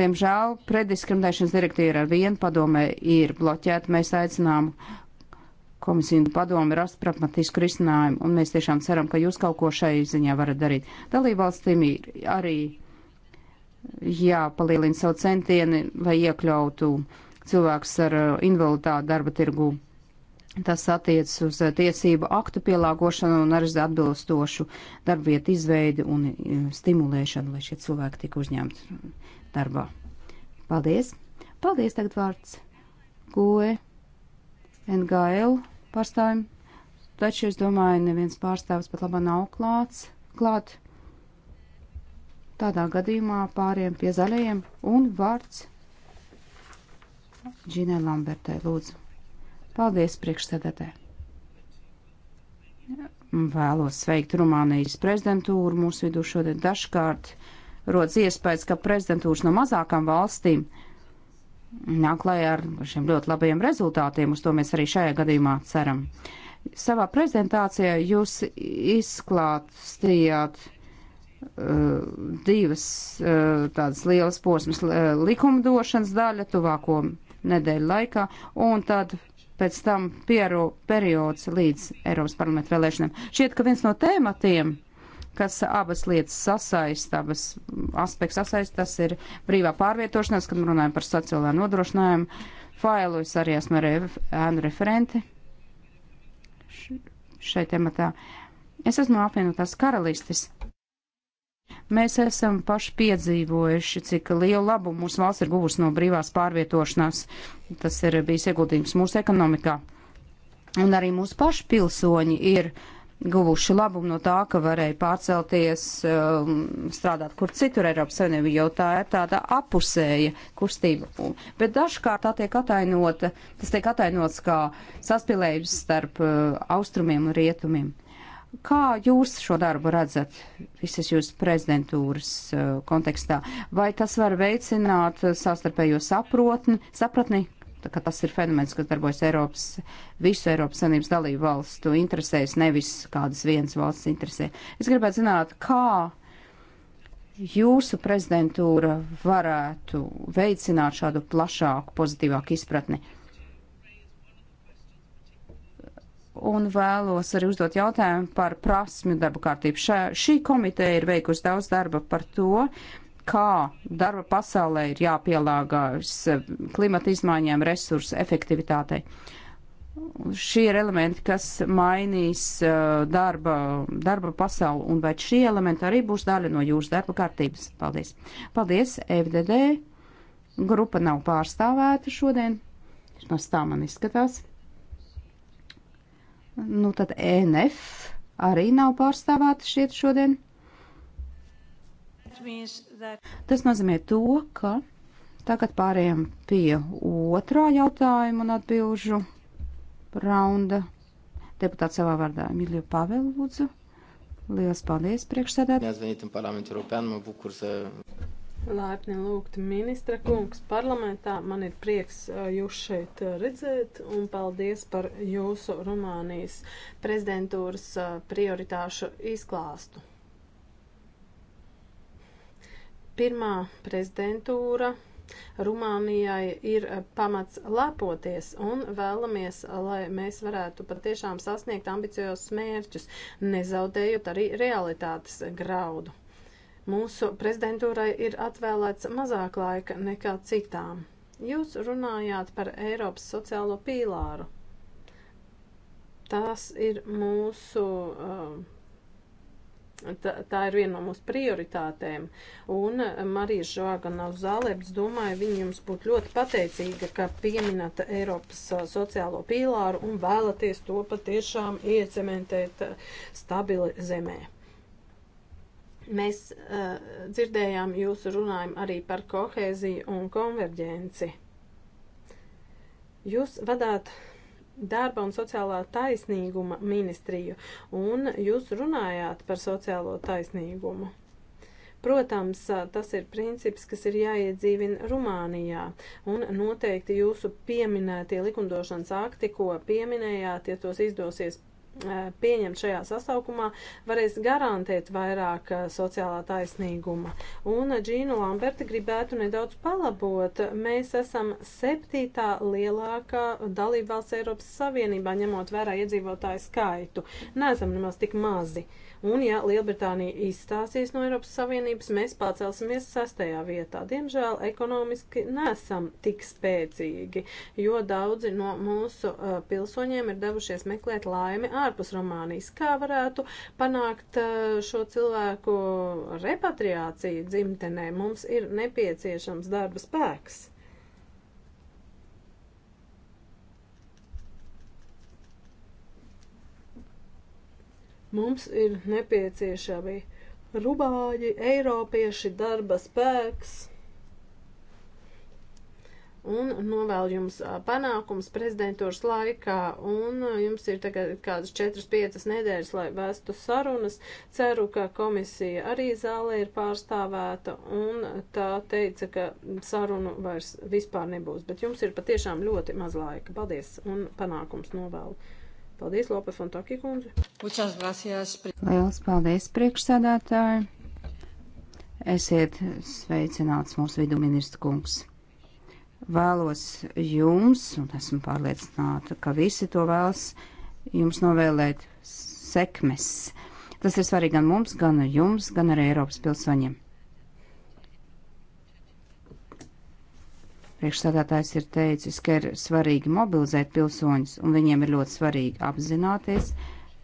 Diemžēl preddiskriminēšanas direktīva ar vienu padomē ir bloķēta. Mēs aicinām komisiju un padomi rast pragmatisku risinājumu, un mēs tiešām ceram, ka jūs kaut ko šai ziņā varat darīt. Dalībvalstīm ir arī jāpalielina savu centieni, lai iekļautu uh, cilvēkus ar uh, invaliditāti darba tirgū. Tas attiecas uz uh, tiesību aktu pielāgošanu un arī atbilstošu darbvietu izveidi un uh, stimulēšanu, lai šie cilvēki tik uzņemti darbā. Paldies! Paldies tagad vārds GOE, NGL pārstāvjiem. Taču es domāju, neviens pārstāvis pat labā nav klāts. Klāt. Tādā gadījumā pāriem pie zaļajiem un vārds Džinai Lambertai, lūdzu. Paldies priekšsēdētē. Vēlos sveikt Rumānijas prezidentūru mūsu vidū šodien. Dažkārt rodas iespējas, ka prezidentūras no mazākām valstīm nāk klajā ar šiem ļoti labajiem rezultātiem, uz to mēs arī šajā gadījumā ceram. Savā prezentācijā jūs izklāstījāt uh, divas uh, tādas lielas posmas uh, likumdošanas daļa, tuvāko nedēļu laikā, un tad pēc tam pieru periods līdz Eiropas parlamentu vēlēšanām. Šķiet, ka viens no tēmatiem, kas abas lietas sasaista, abas aspekts sasaista, tas ir brīvā pārvietošanās, kad runājam par sociālā nodrošinājumu. Failu es arī esmu ēnu referenti šai tematā. Es esmu apvienotās karalistes Mēs esam paši piedzīvojuši, cik lielu labumu mūsu valsts ir guvusi no brīvās pārvietošanās. Tas ir bijis ieguldījums mūsu ekonomikā. Un arī mūsu paši pilsoņi ir guvuši labumu no tā, ka varēja pārcelties, um, strādāt kur citur Eiropas Savienībā, jo tā ir tāda apusēja kustība. Bet dažkārt tā tiek atainota, tas tiek atainots kā saspilējums starp uh, austrumiem un rietumiem. Kā jūs šo darbu redzat visas jūsu prezidentūras uh, kontekstā? Vai tas var veicināt uh, savstarpējo saprotni, sapratni, ka tas ir fenomens, kas darbojas Eiropas, visu Eiropas Savienības dalību valstu interesēs, nevis kādas vienas valsts interesē? Es gribētu zināt, kā jūsu prezidentūra varētu veicināt šādu plašāku, pozitīvāku izpratni? un vēlos arī uzdot jautājumu par prasmju darba kārtību. Šā, šī komiteja ir veikusi daudz darba par to, kā darba pasaulē ir jāpielāgās klimata izmaiņām, resursu efektivitātei. Šie ir elementi, kas mainīs uh, darba, darba pasauli, un vai šie elementi arī būs daļa no jūsu darba kārtības? Paldies! Paldies, FDD! Grupa nav pārstāvēta šodien, tas tā man izskatās. Nu, tad ENF arī nav pārstāvēta šeit šodien. Tas nozīmē to, ka tagad pārējām pie otrā jautājuma un atbilžu raunda. Deputāts savā vārdā Emiliju Pavelu lūdzu. Lielas paldies priekšsēdētājiem. Laipni lūgt ministra kungs parlamentā. Man ir prieks jūs šeit redzēt un paldies par jūsu Rumānijas prezidentūras prioritāšu izklāstu. Pirmā prezidentūra Rumānijai ir pamats lepoties un vēlamies, lai mēs varētu patiešām sasniegt ambiciozus mērķus, nezaudējot arī realitātes graudu. Mūsu prezidentūrai ir atvēlēts mazāk laika nekā citām. Jūs runājāt par Eiropas sociālo pīlāru. Tas ir mūsu. Uh, tā, tā ir viena no mūsu prioritātēm. Un Marija Žāgana uz Zālēbs, domāju, viņa jums būtu ļoti pateicīga, ka pieminat Eiropas uh, sociālo pīlāru un vēlaties to patiešām iecementēt uh, stabili zemē. Mēs uh, dzirdējām jūsu runājumu arī par kohēziju un konverģenci. Jūs vadāt darba un sociālā taisnīguma ministriju, un jūs runājāt par sociālo taisnīgumu. Protams, eh, tas ir princips, kas ir jāiedzīvina Rumānijā, un noteikti jūsu pieminētie likumdošanas akti, ko pieminējāt, ja tos izdosies pieņemt šajā sasaukumā, varēs garantēt vairāk sociālā taisnīguma. Un Džīnu Lamberti gribētu nedaudz palabot. Mēs esam septītā lielākā dalībvalsts Eiropas Savienībā, ņemot vērā iedzīvotāju skaitu. Neesam nemaz tik mazi. Uh, Un, ja Lielbritānija izstāsies no Eiropas Savienības, mēs pacelsimies sastajā vietā. Diemžēl ekonomiski nesam tik spēcīgi, jo daudzi no mūsu uh, pilsoņiem ir devušies meklēt laimi ārpus Romānijas. Kā varētu panākt uh, šo cilvēku repatriāciju dzimtenē? Mums ir nepieciešams darba spēks. Mums ir nepieciešami rubāļi, eiropieši, darba spēks. Un novēl jums panākums prezidentūras laikā, un jums ir tagad kādas 4-5 nedēļas, lai vestu sarunas. Ceru, ka komisija arī zālē ir pārstāvēta, un tā teica, ka sarunu vairs vispār nebūs, bet jums ir patiešām ļoti maz laika. Paldies, un panākums novēlu! Paldies, Lope Fontaki kundze. Lielas paldies, priekšsēdētāji. Esiet sveicināts mūsu vidu ministru kungs. Vēlos jums, un esmu pārliecināta, ka visi to vēlas, jums novēlēt sekmes. Tas ir svarīgi gan mums, gan jums, gan arī Eiropas pilsoņiem. Priekšsādātājs ir teicis, ka ir svarīgi mobilizēt pilsoņus, un viņiem ir ļoti svarīgi apzināties,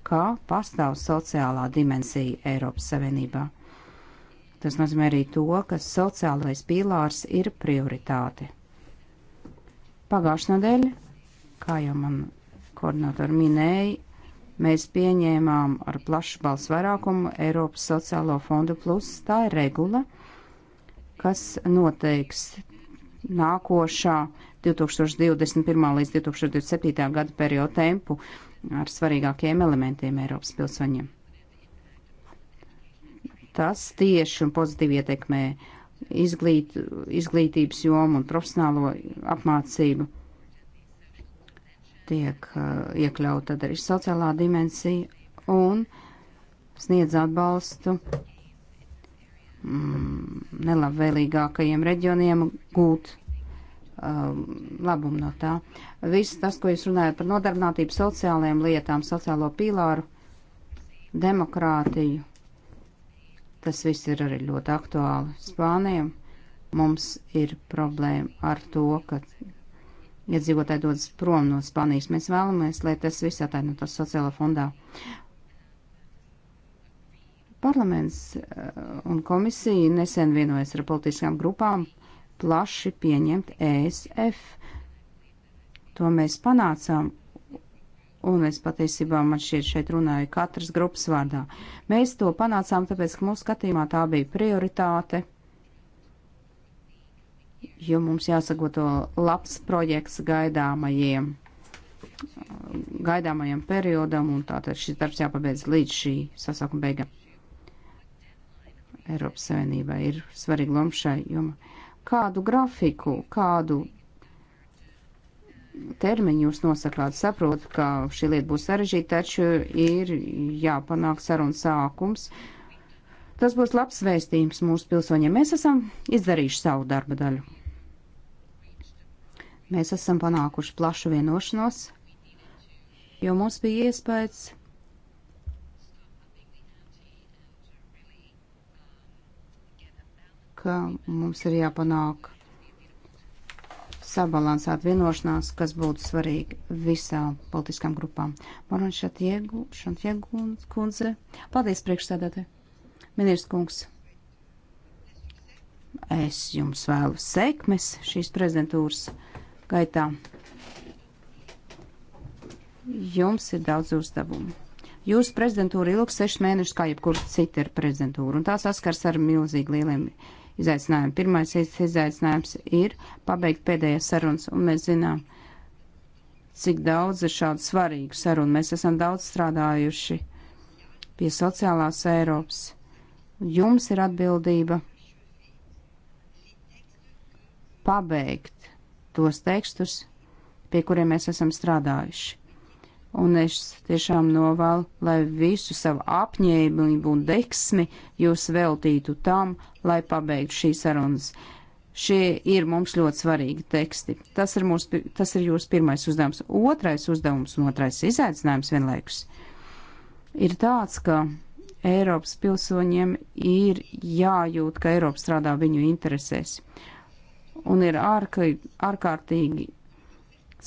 kā pastāv sociālā dimensija Eiropas Savienībā. Tas nozīmē arī to, ka sociālais pīlārs ir prioritāte. Pagājušā nedēļa, kā jau man koordinatori minēja, mēs pieņēmām ar plašu balsu vairākumu Eiropas sociālo fondu plus. Tā ir regula, kas noteiks nākošā 2021. līdz 2027. gada periodu tempu ar svarīgākiem elementiem Eiropas pilsoņiem. Tas tieši un pozitīvi ietekmē izglīt, izglītības jomu un profesionālo apmācību. Tiek uh, iekļauta arī sociālā dimensija un sniedz atbalstu mm, nelabvēlīgākajiem reģioniem gūt um, labumu no tā. Viss tas, ko jūs runājat par nodarbinātību sociālajām lietām, sociālo pīlāru, demokrātiju, tas viss ir arī ļoti aktuāli Spānijam. Mums ir problēma ar to, ka iedzīvotāji ja dodas prom no Spānijas. Mēs vēlamies, lai tas viss attainotos sociālā fondā. Parlaments eh, un komisija nesen vienojas ar politiskām grupām plaši pieņemt ESF. To mēs panācām, un es patiesībā man šķiet šeit runāju katras grupas vārdā. Mēs to panācām, tāpēc, ka mūsu skatījumā tā bija prioritāte, jo mums jāsagoto labs projekts gaidāmajiem gaidāmajam periodam, un tātad šis darbs jāpabeidz līdz šī sasaukuma beigām. Eiropas Savienībai ir svarīga loma šai jomai. Kādu grafiku, kādu termiņu jūs nosakāt? Saprotu, ka šī lieta būs sarežģīta, taču ir jāpanāk saruna sākums. Tas būs labs vēstījums mūsu pilsoņiem. Mēs esam izdarījuši savu darba daļu. Mēs esam panākuši plašu vienošanos, jo mums bija iespējas ka mums ir jāpanāk sabalansēt vienošanās, kas būtu svarīgi visām politiskām grupām. Maron Šatiegu, Šatiegu kundze. Paldies, priekšsēdētāji. Ministrs kungs. Es jums vēlu sekmes šīs prezidentūras gaitā. Jums ir daudz uzdevumu. Jūsu prezidentūra ilgs sešas mēnešus, kā jebkur cita ir prezidentūra, un tā saskars ar milzīgi lieliem izaicinājumu. Pirmais izaicinājums ir pabeigt pēdējās sarunas, un mēs zinām, cik daudz ir šādu svarīgu sarunu. Mēs esam daudz strādājuši pie sociālās Eiropas. Jums ir atbildība pabeigt tos tekstus, pie kuriem mēs esam strādājuši un es tiešām novēlu, lai visu savu apņēmību un deksmi jūs veltītu tam, lai pabeigtu šīs sarunas. Šie ir mums ļoti svarīgi teksti. Tas ir, mūs, tas ir jūsu pirmais uzdevums. Otrais uzdevums un otrais izaicinājums vienlaikus ir tāds, ka Eiropas pilsoņiem ir jājūt, ka Eiropa strādā viņu interesēs. Un ir ārkārtīgi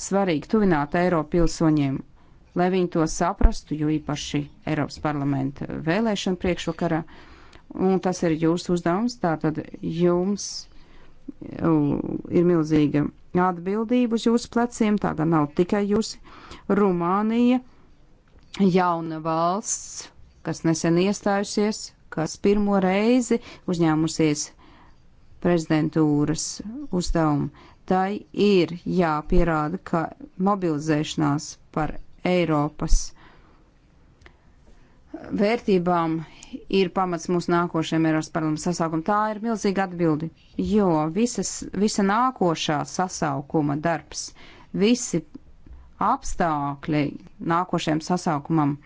svarīgi tuvināt Eiropu pilsoņiem lai viņi to saprastu, jo īpaši Eiropas parlamenta vēlēšana priekšvakarā. Un tas ir jūsu uzdevums, tātad jums ir milzīga atbildība uz jūsu pleciem, tā gan nav tikai jūs. Rumānija, jauna valsts, kas nesen iestājusies, kas pirmo reizi uzņēmusies prezidentūras uzdevumu. Tai ir jāpierāda, ka mobilizēšanās par Eiropas vērtībām ir pamats mūsu nākošajam Eiropas parlamenta sasaukumam. Tā ir milzīga atbildi, jo visas, visa nākošā sasaukuma darbs, visi apstākļi nākošajam sasaukumam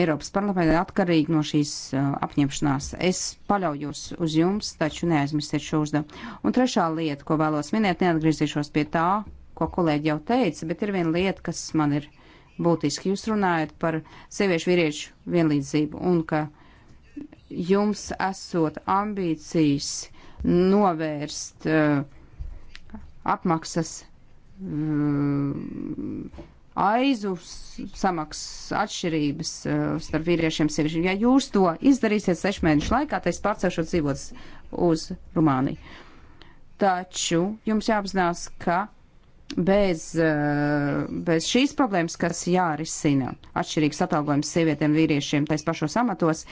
Eiropas parlamentā atkarīgi no šīs uh, apņemšanās. Es paļaujos uz jums, taču neaizmirstiet šo uzdevumu. Un trešā lieta, ko vēlos minēt, neatgriezīšos pie tā, ko kolēģi jau teica, bet ir viena lieta, kas man ir būtiski. Jūs runājat par sieviešu vīriešu vienlīdzību un ka jums esot ambīcijas novērst uh, apmaksas uh, aizu samaksas atšķirības uh, starp vīriešiem un sieviešiem. Ja jūs to izdarīsiet sešu mēnešu laikā, tad es pārcelšu dzīvot uz Rumāniju. Taču jums jāapzinās, ka bez, eh, bez šīs problēmas, kas jārisina atšķirīgs atalgojums sievietēm vīriešiem tais pašos amatos,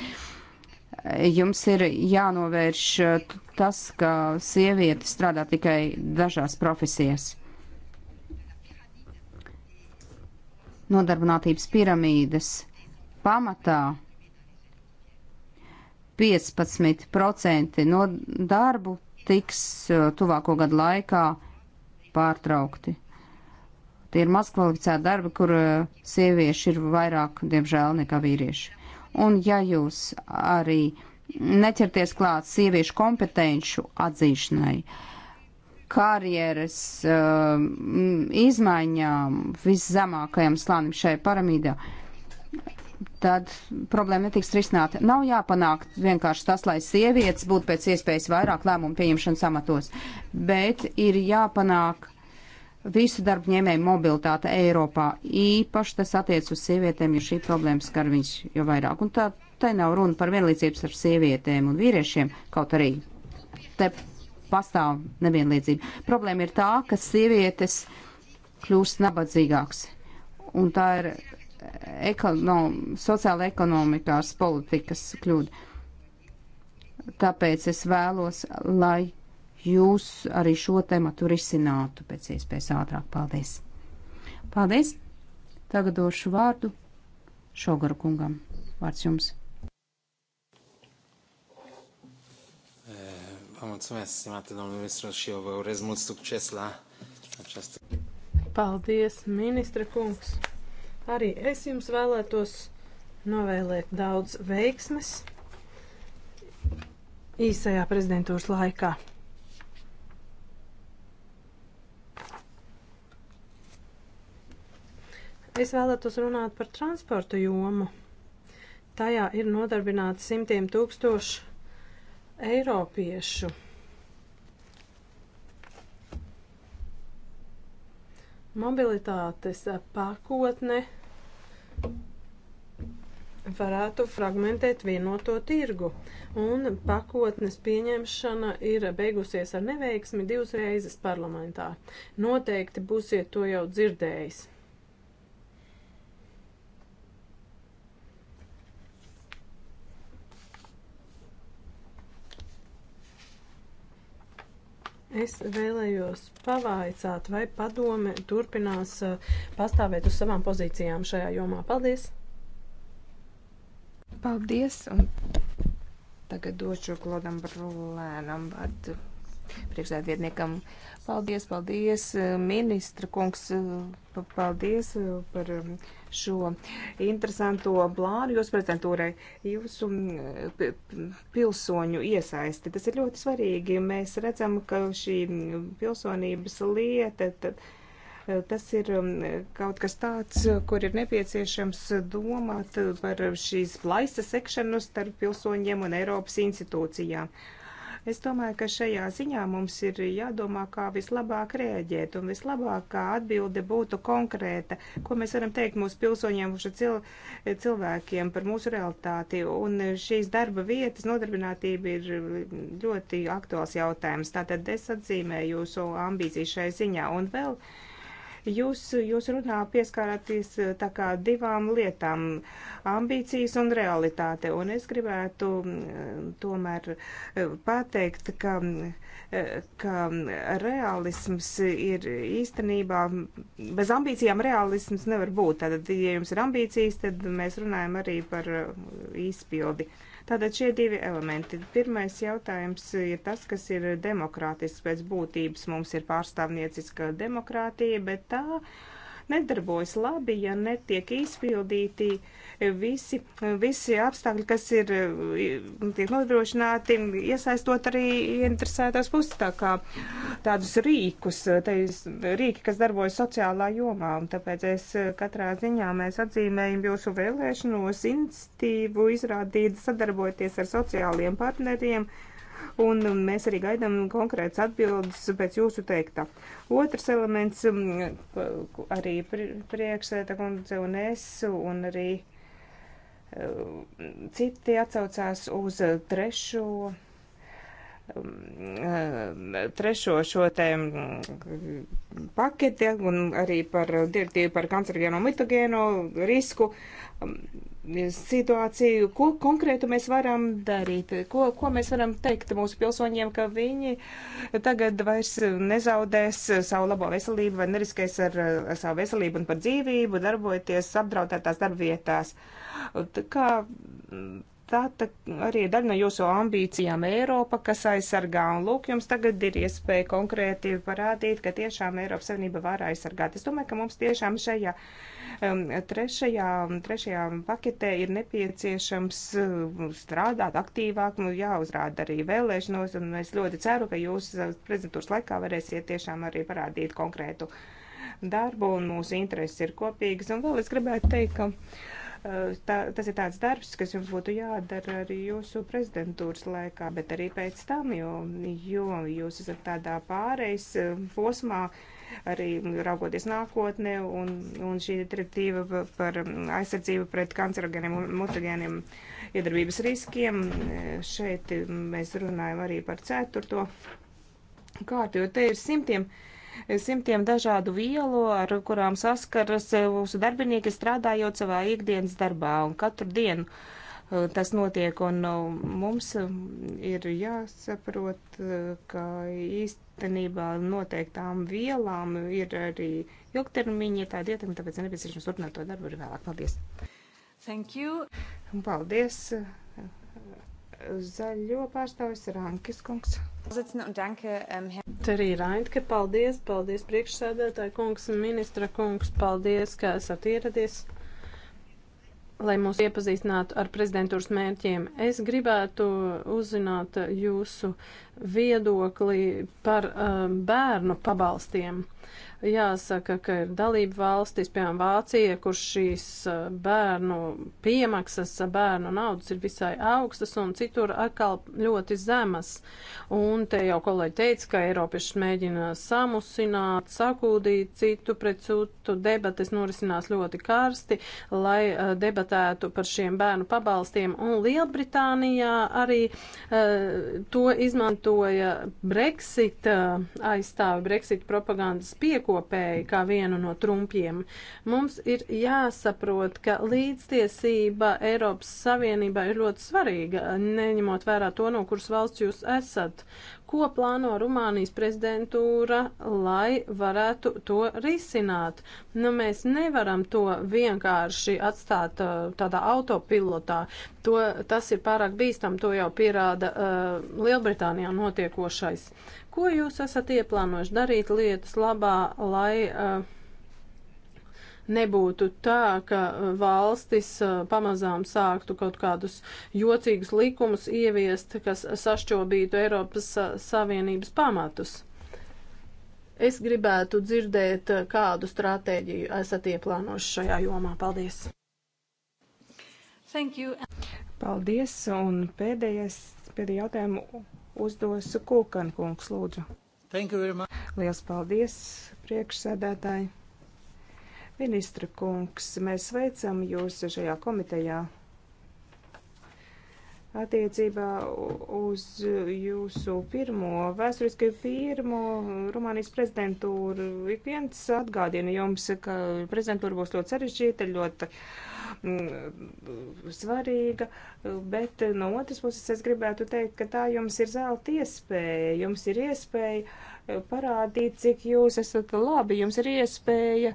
jums ir jānovērš eh, tas, ka sieviete strādā tikai dažās profesijas. Nodarbinātības piramīdas pamatā 15% no darbu tiks eh, tuvāko gadu laikā pārtraukti. Tie ir mazkvalificēti darbi, kur eh, sievieši ir vairāk, diemžēl, nekā vīrieši. Un ja jūs arī neķerties klāt sieviešu kompetenču atzīšanai, karjeras uh, izmaiņām, viszemākajam slānim šai paramīdā, uh, tad problēma netiks risināta. Nav jāpanāk vienkārši tas, lai sievietes būtu pēc iespējas vairāk lēmumu pieņemšanas amatos, bet ir jāpanāk visu darbņēmēju mobilitāte Eiropā. Īpaši tas attiec uz sievietēm, jo šī problēma skar viņus jau vairāk. Un tā, tai nav runa par vienlīdzības ar sievietēm un vīriešiem, kaut arī te pastāv nevienlīdzība. Problēma ir tā, ka sievietes kļūst nabadzīgāks. Un tā ir ekonom, sociāla ekonomikās politikas kļūda. Tāpēc es vēlos, lai jūs arī šo tematu risinātu pēc iespējas ātrāk. Paldies! Paldies! Tagad došu vārdu Šogaru kungam. Vārds jums! Eh, vă mulțumesc, stimate domnul ministru, și eu vă urez mult succes la această... Paldies, ministra kungs! Arī es jums vēlētos novēlēt daudz veiksmes īsajā prezidentūras laikā. Es vēlētos runāt par transporta jomu. Tajā ir nodarbināti simtiem tūkstošu eiropiešu. Mobilitātes eh, pakotne varētu fragmentēt vienoto tirgu, un pakotnes pieņemšana ir beigusies ar neveiksmi divas reizes parlamentā. Noteikti būsiet to jau dzirdējis. Es vēlējos pavaicāt, vai padome turpinās eh, pastāvēt uz savām pozīcijām šajā jomā. Paldies! Paldies! Un tagad došu Klodam Brulēnam vārdu priekšsēdvietniekam. Paldies, paldies, ministra kungs, paldies par šo interesanto plānu jūsu prezentūrai, jūsu pilsoņu iesaisti. Tas ir ļoti svarīgi. Mēs redzam, ka šī pilsonības lieta. Tad, tas ir kaut kas tāds, kur ir nepieciešams domāt par šīs plaisas sekšanu starp pilsoņiem un Eiropas institūcijām. Es domāju, ka šajā ziņā mums ir jādomā, kā vislabāk rēģēt, un vislabākā atbilde būtu konkrēta, ko mēs varam teikt mūsu pilsoņiem, mūsu cil cilvēkiem par mūsu realitāti. Un šīs darba vietas nodarbinātība ir ļoti aktuāls jautājums. Tātad es atzīmēju jūsu ambīciju šai ziņā. Un vēl Jūs, jūs runā pieskārāties eh, tā kā divām lietām - ambīcijas un realitāte. Un es gribētu mm, eh, tomēr eh, pateikt, ka, ka realisms ir īstenībā, bez ambīcijām realisms nevar būt. Tātad, ja jums ir ambīcijas, tad mēs runājam arī par izpildi. Uh, Tātad šie divi elementi. Pirmais jautājums ir tas, kas ir demokrātisks pēc būtības. Mums ir pārstāvnieciska demokrātija, bet tā nedarbojas labi, ja netiek izpildīti eh, visi, eh, visi apstākļi, kas ir eh, tiek nodrošināti, iesaistot arī interesētās puses tā kā tādus rīkus, tais, rīki, kas darbojas sociālā jomā. Un tāpēc es katrā ziņā mēs atzīmējam jūsu vēlēšanos institīvu izrādīt sadarbojoties ar sociāliem partneriem. Yeah un mēs arī gaidām konkrētas atbildes pēc jūsu teiktā. Otrs elements um, arī priekšsēta kundze un es un arī um, citi atsaucās uz trešo um, uh, trešo šo te paketi un arī par direktīvu par kancerogēno mitogēno risku. Uh, Um, situāciju, ko konkrētu mēs varam darīt, ko, ko mēs varam teikt mūsu pilsoņiem, ka viņi tagad vairs nezaudēs savu labo veselību vai neriskēs ar, ar savu veselību un par dzīvību, darbojoties apdraudētās darbvietās. Tā kā tā, tā arī ir daļa no jūsu ambīcijām Eiropa, kas aizsargā, un lūk, jums tagad ir iespēja konkrēti parādīt, ka tiešām Eiropas Savienība var aizsargāt. Es domāju, ka mums tiešām šajā. Ja Um, trešajā, trešajā paketē ir nepieciešams um, strādāt aktīvāk, nu, jāuzrāda arī vēlēšanos, un es ļoti ceru, ka jūs uh, prezentūras laikā varēsiet tiešām arī parādīt konkrētu darbu, un mūsu intereses ir kopīgas. Un vēl es gribētu teikt, ka uh, tā, tas ir tāds darbs, kas jums būtu jādara arī jūsu prezidentūras laikā, bet arī pēc tam, jo, jo jūs esat tādā pārejas um, posmā, uh, arī raugoties nākotnē, un, un šī direktīva par aizsardzību pret kancerogēniem un mutagēniem iedarbības riskiem. Šeit mēs runājam arī par ceturto kārtu, jo te ir simtiem simtiem dažādu vielu, ar kurām saskaras mūsu darbinieki strādājot savā ikdienas darbā un katru dienu e, tas notiek, un e, mums ir jāsaprot, e, ka īsti īstenībā noteiktām vielām ir arī ilgtermiņa tāda ietekme, tāpēc ir nepieciešams turpināt to darbu arī vēlāk. Paldies! Thank you! Paldies! Zaļo pārstāvis Rankis kungs. Terī Raintke, paldies, paldies priekšsēdētāji kungs un ministra kungs, paldies, ka esat ieradies lai mūs iepazīstinātu ar prezidentūras mērķiem. Es gribētu uzzināt jūsu viedokli par um, bērnu pabalstiem. Jāsaka, ka ir dalība valstis, piemēram, Vācija, kur šīs uh, bērnu piemaksas, bērnu naudas ir visai augstas un citur atkal ļoti zemas. Un te jau kolēģi teica, ka Eiropieši mēģina samusināt, sakūdīt citu pret citu, debates norisinās ļoti karsti, lai uh, debatētu par šiem bērnu pabalstiem. Un Lielbritānijā arī uh, to izmanto izmantoja Brexit aizstāvi, Brexit propagandas piekopēji kā vienu no trumpiem. Mums ir jāsaprot, ka līdztiesība Eiropas Savienībā ir ļoti svarīga, neņemot vērā to, no kuras valsts jūs esat. Ko plāno Rumānijas prezidentūra, lai varētu to risināt? Nu, mēs nevaram to vienkārši atstāt uh, tādā autopilotā. To, tas ir pārāk bīstam, to jau pierāda uh, Lielbritānijā notiekošais. Ko jūs esat ieplānojuši darīt lietas labā, lai. Uh, Nebūtu tā, ka uh, valstis uh, pamazām sāktu kaut kādus jocīgus likumus ieviest, kas sašķobītu Eiropas uh, Savienības pamatus. Es gribētu dzirdēt, kādu stratēģiju esat ieplānojuši šajā jomā. Paldies! Thank you. Paldies, un pēdējais, pēdējā jautājumu uzdos Kūkan kungs, lūdzu. Thank you very much. Liels paldies, priekšsēdētāji. Ministra kungs, mēs sveicam jūs šajā komitejā attiecībā uz jūsu pirmo, vēsturiski pirmo Rumānijas prezidentūru. Ik viens atgādina jums, ka prezidentūra būs ļoti sarežģīta, ļoti mm, svarīga, bet no otras puses es gribētu teikt, ka tā jums ir zelta iespēja. Jums ir iespēja parādīt, cik jūs esat labi, jums ir iespēja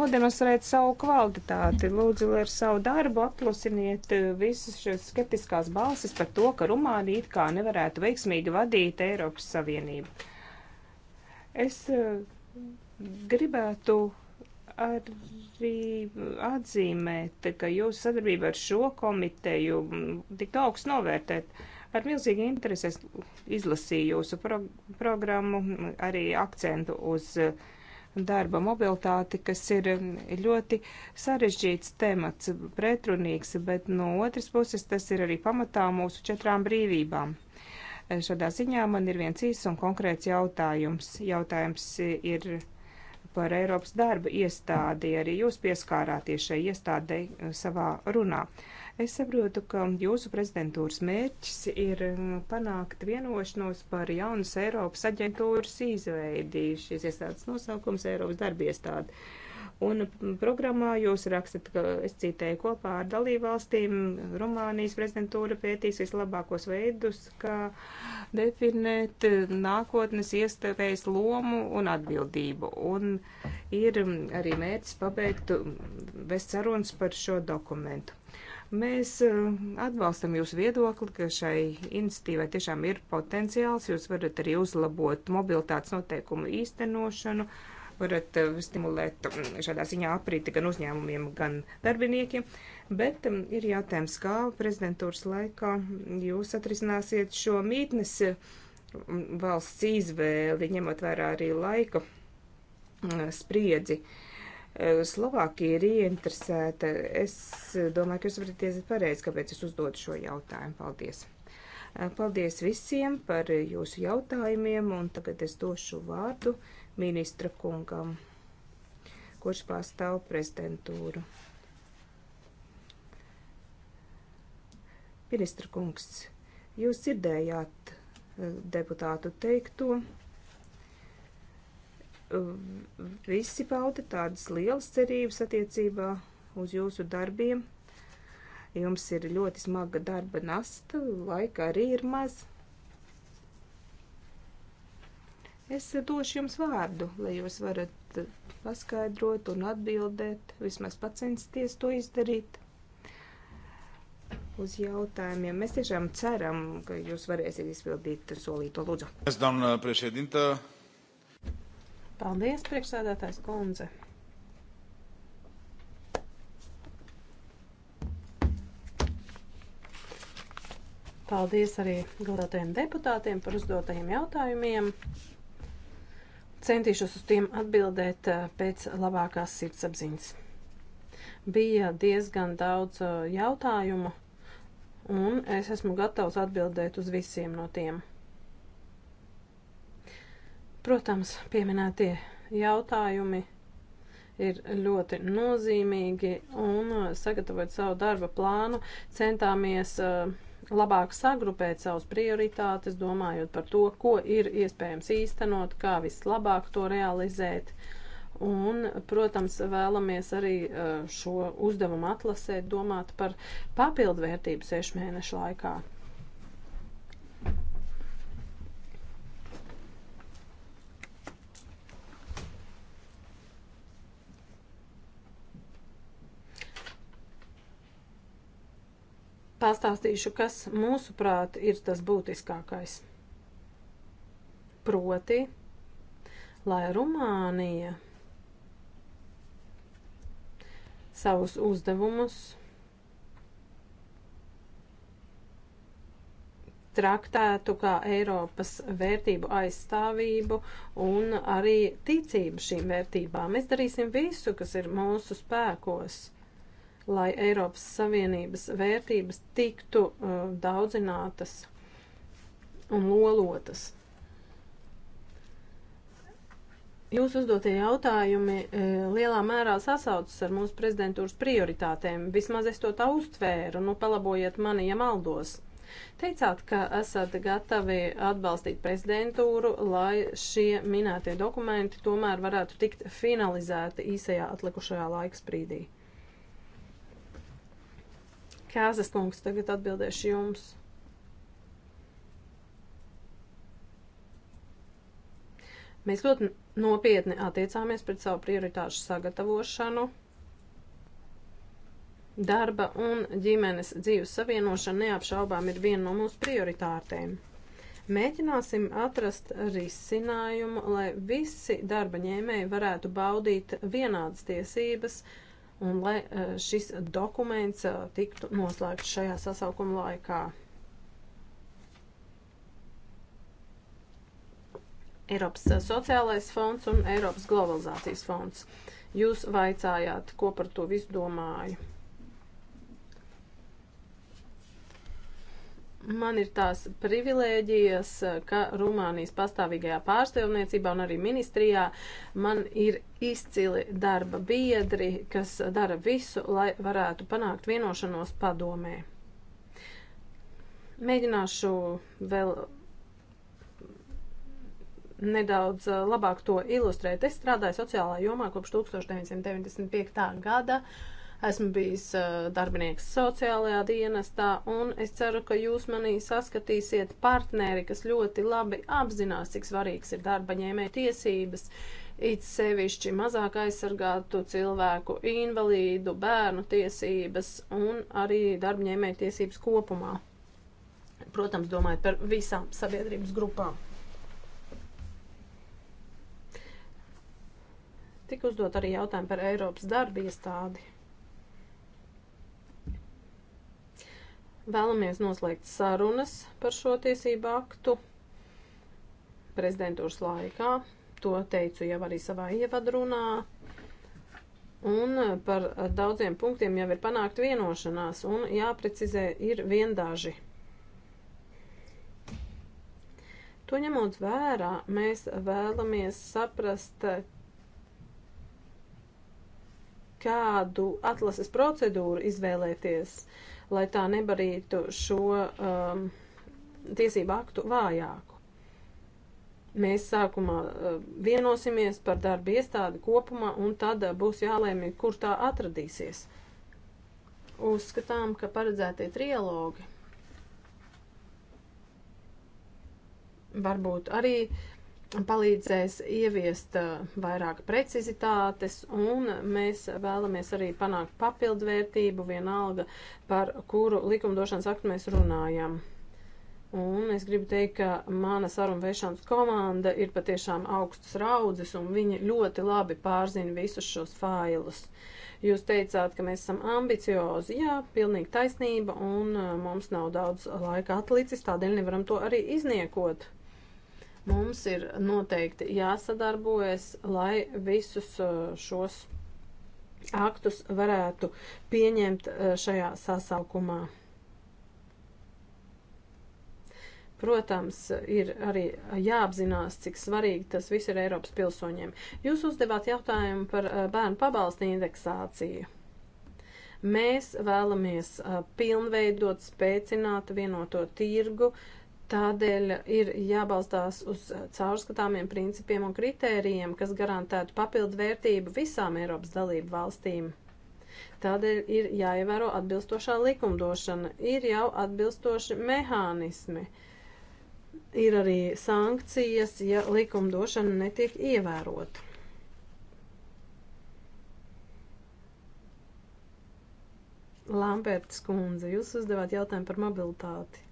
nodemonstrēt savu kvalitāti. Lūdzu, ar savu darbu apklusiniet visas šīs skeptiskās balsis par to, ka Rumānija it kā nevarētu veiksmīgi vadīt Eiropas Savienību. Es eh, gribētu arī atzīmēt, ka jūsu sadarbība ar šo komiteju tik augstu novērtēt. Ar milzīgu interesi es izlasīju jūsu pro programmu, arī akcentu uz uh, darba mobilitāti, kas ir um, ļoti sarežģīts temats, pretrunīgs, bet no otras puses tas ir arī pamatā mūsu četrām brīvībām. Uh, šādā ziņā man ir viens īsts un konkrēts jautājums. Jautājums uh, ir par Eiropas darba iestādi. Arī jūs pieskārāties šai iestādei savā runā. Uh, Es saprotu, ka jūsu prezidentūras mērķis ir mm, panākt vienošanos par jaunas Eiropas aģentūras izveidi. Šīs iestādes nosaukums Eiropas darbiestāde. Un programmā jūs rakstat, ka es citēju kopā ar dalībvalstīm, Rumānijas prezidentūra pētīs vislabākos veidus, kā definēt nākotnes iespējas lomu un atbildību. Un ir arī mērķis pabeigt vest sarunas par šo dokumentu. Mēs eh, atbalstam jūsu viedokli, ka šai iniciatīvai tiešām ir potenciāls. Jūs varat arī uzlabot mobilitātes noteikumu īstenošanu. Uh, varat eh, stimulēt mm, šādā ziņā aprīti gan uzņēmumiem, gan darbiniekiem. Bet mm, ir jautājums, kā prezidentūras laikā jūs atrisināsiet šo mītnes mm, valsts izvēli, ņemot vērā arī laika spriedzi. Eh, Slovākija ir ieinteresēta. Es eh, domāju, ka jūs varat iesiet pareizi, kāpēc es uzdodu šo jautājumu. Paldies! Paldies visiem par jūsu jautājumiem, un tagad es došu vārdu uh, ministra kungam, kurš pārstāv prezidentūru. Ministra kungs, jūs dzirdējāt eh, deputātu teikto. Visi pauda tādas lielas cerības attiecībā uz jūsu darbiem. Jums ir ļoti smaga darba nasta, laika arī ir maz. Es došu jums vārdu, lai jūs varat paskaidrot un atbildēt, vismaz pacensties to izdarīt uz jautājumiem. Mēs tiešām ceram, ka jūs varēsiet izpildīt solīto lūdzu. Es domāju, priekšēdintā. Paldies, priekšsēdētājs kundze. Paldies arī godātajiem deputātiem par uzdotajiem jautājumiem. Centīšos uz tiem atbildēt eh, pēc labākās sirdsapziņas. Bija diezgan daudz eh, jautājumu, un es esmu gatavs atbildēt uz visiem no tiem. Protams, pieminētie jautājumi ir ļoti nozīmīgi, un eh, sagatavot savu darba plānu centāmies uh, labāk sagrupēt savus prioritātes, domājot par to, ko ir iespējams īstenot, kā vislabāk to realizēt. Un, protams, vēlamies arī eh, šo uzdevumu atlasēt, domāt par papildvērtību sešu mēnešu laikā. pastāstīšu, kas mūsuprāt ir tas būtiskākais. Proti, lai Rumānija savus uzdevumus traktētu kā Eiropas vērtību aizstāvību un arī ticību šīm vērtībām. Mēs darīsim visu, kas ir mūsu spēkos, lai Eiropas Savienības vērtības tiktu uh, daudzinātas un lolotas. Jūsu uzdotie jautājumi e, lielā mērā sasaucas ar mūsu prezidentūras prioritātēm. Vismaz es to tā uztvēru, nu palabojiet mani, ja maldos. Teicāt, ka esat gatavi atbalstīt prezidentūru, lai šie minētie dokumenti tomēr varētu tikt finalizēti īsajā atlikušajā laiksprīdī. Kāzas kungs, tagad atbildēšu jums. Mēs ļoti nopietni attiecāmies pret savu prioritāšu sagatavošanu. Darba un ģimenes dzīves savienošana neapšaubām ir viena no mūsu prioritātēm. Mēģināsim atrast risinājumu, lai visi darba ņēmēji varētu baudīt vienādas tiesības, uh, un lai eh, šis dokuments eh, tiktu noslēgts šajā sasaukuma laikā. Eiropas eh, sociālais fonds un Eiropas globalizācijas fonds. Jūs vaicājāt, ko par to visu domāju. man ir tās privilēģijas, ka Rumānijas pastāvīgajā pārstāvniecībā un arī ministrijā man ir izcili darba biedri, kas dara visu, lai varētu panākt vienošanos padomē. Mēģināšu vēl nedaudz uh, labāk to ilustrēt. Es strādāju sociālā jomā kopš 1995. gada. Uh, Esmu bijis darbinieks sociālajā dienestā, un es ceru, ka jūs manī saskatīsiet partneri, kas ļoti labi apzinās, cik svarīgs ir darba ņēmēja tiesības, it sevišķi mazāk aizsargātu cilvēku, invalīdu, bērnu tiesības un arī darba ņēmēja tiesības kopumā. Protams, domājot par visām sabiedrības grupām. Tik uzdot arī jautājumu par Eiropas darba iestādi. Vēlamies noslēgt sarunas par šo tiesību aktu prezidentūras laikā. To teicu jau arī savā ievadrunā. Un par daudziem punktiem jau ir panākt vienošanās un jāprecizē ir viendaži. To ņemot vērā, mēs vēlamies saprast, kādu atlases procedūru izvēlēties. Uh, lai tā nebarītu šo um, tiesību aktu vājāku. Mēs sākumā uh, vienosimies par darba iestādi kopumā, un tad uh, būs jālēmj, kur tā atradīsies. Uzskatām, ka paredzētie trialogi varbūt arī uh, palīdzēs ieviest uh, vairāk precizitātes, un mēs vēlamies arī panākt papildvērtību vienalga, par kuru likumdošanas aktu mēs runājam. Un es gribu teikt, ka mana sarunvešanas komanda ir patiešām augstas raudzes, un viņi ļoti labi pārzina visus šos failus. Jūs teicāt, ka mēs esam ambiciozi, jā, pilnīgi taisnība, un uh, mums nav daudz laika atlicis, tādēļ nevaram to arī izniekot. Mums ir noteikti jāsadarbojas, lai visus uh, šos aktus varētu pieņemt uh, šajā sasaukumā. Protams, ir arī jāapzinās, cik svarīgi tas viss ir Eiropas pilsoņiem. Jūs uzdevāt jautājumu par uh, bērnu pabalstu indeksāciju. Mēs vēlamies pilnveidot, spēcināt vienoto tirgu, uh, Tādēļ ir jābalstās uz caurskatāmiem principiem un kritērijiem, kas garantētu papildu vērtību visām Eiropas dalību valstīm. Tādēļ ir jāievēro atbilstošā likumdošana, ir jau atbilstoši mehānismi, ir arī sankcijas, ja likumdošana netiek ievērota. Lamberts kundze, jūs uzdevāt jautājumu par mobilitāti.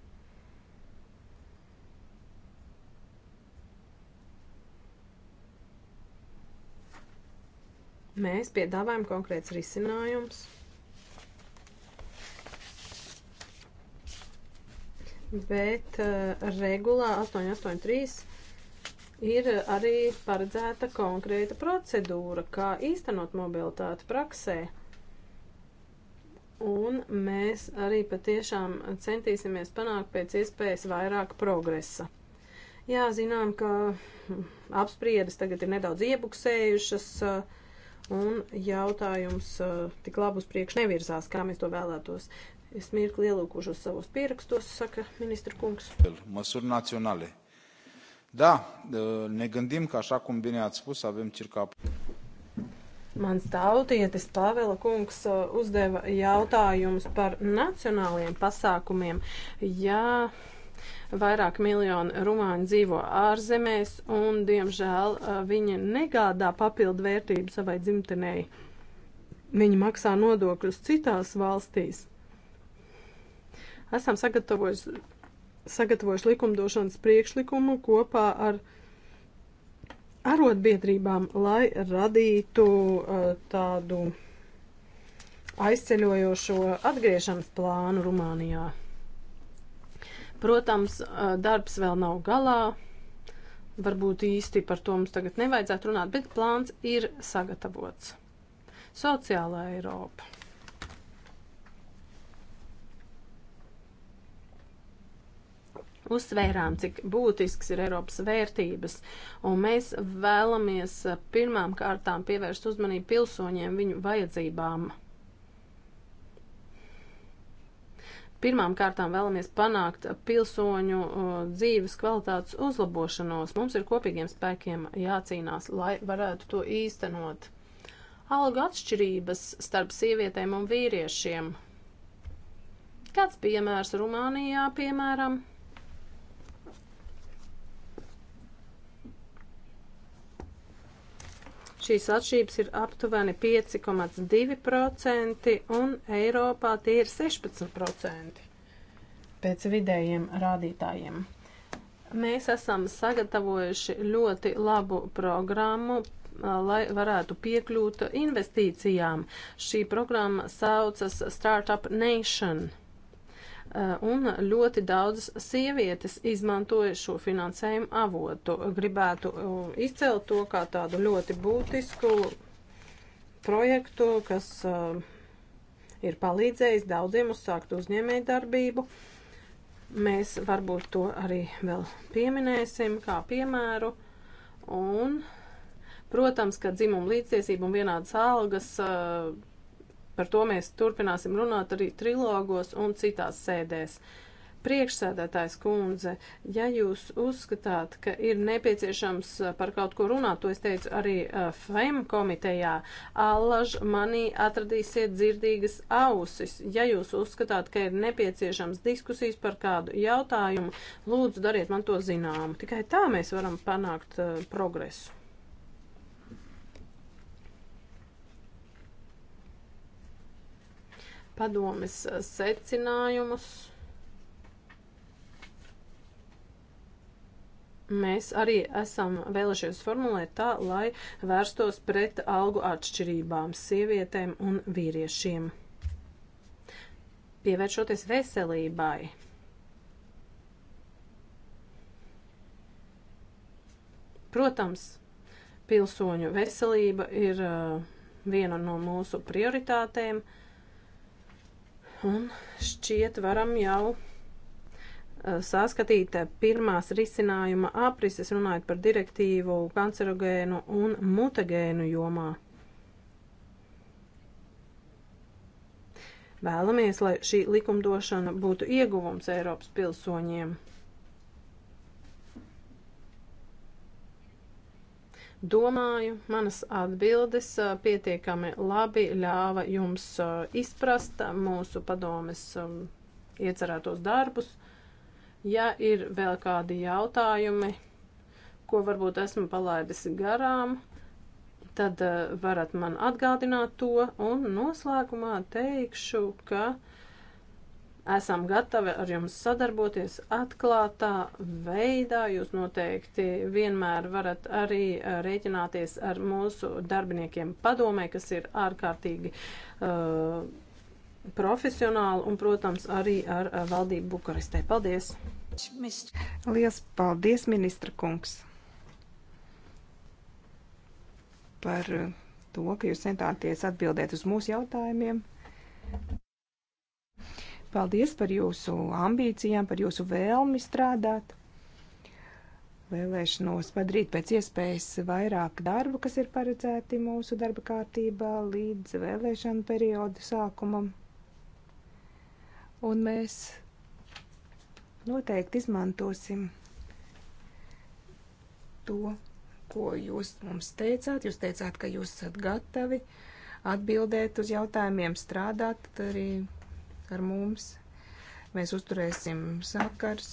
Mēs piedāvājam konkrēts risinājums. Bet uh, regulā 883 ir arī paredzēta konkrēta procedūra, kā īstenot mobilitāti praksē. Un mēs arī patiešām centīsimies panākt pēc iespējas vairāk progresa. Jā, zinām, ka apspriedes tagad ir nedaudz iebuksējušas. Uh, un jautājums eh, tik labi uz priekšu nevirzās, kā mēs to vēlētos. Es mirkli ielūkušu uz savos pierakstos, saka ministra kungs. Măsuri naționale. Da, eh, ne gândim că, așa cum bine ați spus, avem circa... Mans tautietis Pāvela kungs eh, uzdeva jautājumus par nacionāliem pasākumiem. Jā, ja Vairāk miljoni rumāņi dzīvo ārzemēs un, diemžēl, viņi negādā papildu vērtību savai dzimtenēji. Viņi maksā nodokļus citās valstīs. Esam sagatavojuši, sagatavojuši likumdošanas priekšlikumu kopā ar arotbiedrībām, lai radītu uh, tādu aizceļojošo atgriešanas plānu Rumānijā. Protams, darbs vēl nav galā. Varbūt īsti par to mums tagad nevajadzētu runāt, bet plāns ir sagatavots. Sociālā Eiropa. uzsvērām, cik būtisks ir Eiropas vērtības, un mēs vēlamies pirmām kārtām pievērst uzmanību pilsoņiem viņu vajadzībām. Pirmām kārtām vēlamies panākt pilsoņu uh, dzīves kvalitātes uzlabošanos. Mums ir kopīgiem spēkiem jācīnās, lai varētu to īstenot. Algu atšķirības starp sievietēm un vīriešiem. Kāds piemērs Rumānijā, piemēram? Šīs atšķības ir aptuveni 5,2% un Eiropā tie ir 16% pēc vidējiem rādītājiem. Mēs esam sagatavojuši ļoti labu programmu lai varētu piekļūt investīcijām. Šī programma saucas Startup Nation. Eh, un ļoti daudzas sievietes izmantoja šo finansējumu avotu. Gribētu eh, izcelt to kā tādu ļoti būtisku projektu, kas eh, ir palīdzējis daudziem uzsākt uzņēmēju darbību. Mēs varbūt to arī vēl pieminēsim kā piemēru. Un, protams, ka dzimuma līdztiesība un vienādas algas uh, Par to mēs turpināsim runāt arī trilogos un citās sēdēs. Priekšsēdētājs kundze, ja jūs uzskatāt, ka ir nepieciešams uh, par kaut ko runāt, to es teicu arī uh, FEM komitejā, allaž manī atradīsiet dzirdīgas ausis. Ja jūs uzskatāt, ka ir nepieciešams diskusijas par kādu jautājumu, lūdzu dariet man to zināmu. Tikai tā mēs varam panākt uh, progresu. padomes eh, secinājumus mēs arī esam vēlējušies formulēt tā, lai vērstos pret algu atšķirībām sievietēm un vīriešiem. Pievēršoties veselībai. Protams, pilsoņu veselība ir eh, viena no mūsu prioritātēm. Uh, Un šķiet varam jau eh, saskatīt eh, pirmās risinājuma aprises, runājot par direktīvu kancerogēnu un mutagēnu jomā. Vēlamies, lai šī likumdošana būtu ieguvums Eiropas pilsoņiem. Domāju, manas atbildes pietiekami labi ļāva jums izprast mūsu padomes iecerētos darbus. Ja ir vēl kādi jautājumi, ko varbūt esmu palaidis garām, tad varat man atgādināt to. Un noslēgumā teikšu, ka esam gatavi ar jums sadarboties atklātā veidā. Jūs noteikti vienmēr varat arī eh, rēķināties ar mūsu darbiniekiem padomē, kas ir ārkārtīgi uh, profesionāli un, protams, arī ar eh, valdību Bukarestē. Paldies! Lielas paldies, ministra kungs, par to, ka jūs centāties atbildēt uz mūsu jautājumiem. Paldies par jūsu ambīcijām, par jūsu vēlmi strādāt, vēlēšanos padarīt pēc iespējas vairāk darbu, kas ir paredzēti mūsu darba kārtībā līdz vēlēšanu periodu sākumam. Un mēs noteikti izmantosim to, ko jūs mums teicāt. Jūs teicāt, ka jūs esat gatavi atbildēt uz jautājumiem, strādāt arī ar mums. Mēs uzturēsim sakars,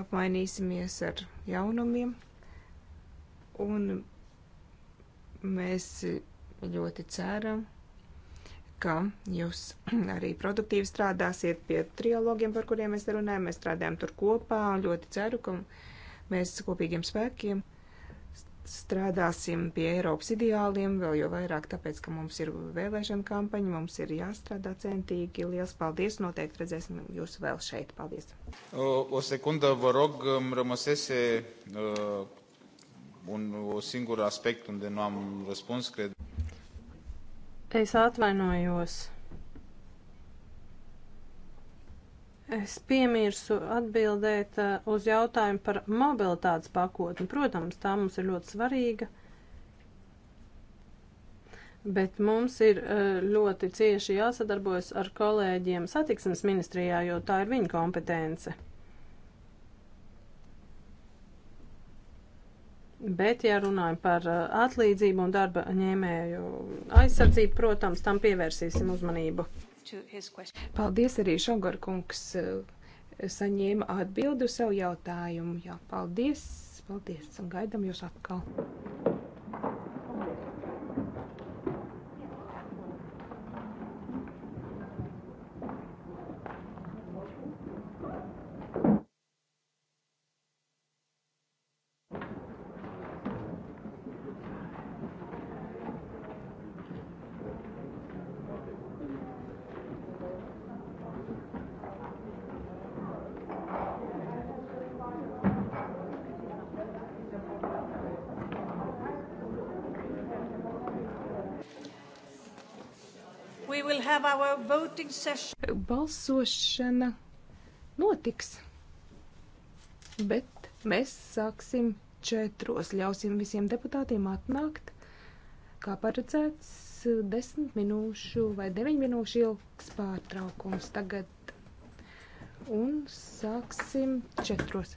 apmainīsimies ar jaunumiem, un mēs ļoti ceram, ka jūs arī produktīvi strādāsiet pie trilogiem, par kuriem mēs runājam. Mēs strādājam tur kopā un ļoti ceru, ka mēs kopīgiem spēkiem strādāsim pie Eiropas ideāliem, vēl jau vairāk tāpēc, ka mums ir vēlēšana kampaņa, mums ir jāstrādā centīgi. Liels paldies, noteikti redzēsim jūs vēl šeit. Paldies. O, o secundă, vă rog, îmi rămăsese uh, un, o singur aspect unde nu am răspuns, cred. Es atvainojos. Es piemirsu atbildēt uh, uz jautājumu par mobilitātes pakotni. Protams, tā mums ir ļoti svarīga, bet mums ir uh, ļoti cieši jāsadarbojas ar kolēģiem satiksmes ministrijā, jo tā ir viņa kompetence. Bet, ja runājam par uh, atlīdzību un darba ņēmēju aizsardzību, protams, tam pievērsīsim uzmanību. Paldies arī Šogarkungs eh, saņēma atbildi uz savu jautājumu. Jā, paldies, paldies un gaidam jūs atkal. Balsošana notiks, bet mēs sāksim četros, ļausim visiem deputātiem atnākt, kā paredzēts, desmit minūšu vai deviņu minūšu ilgs pārtraukums tagad, un sāksim četros.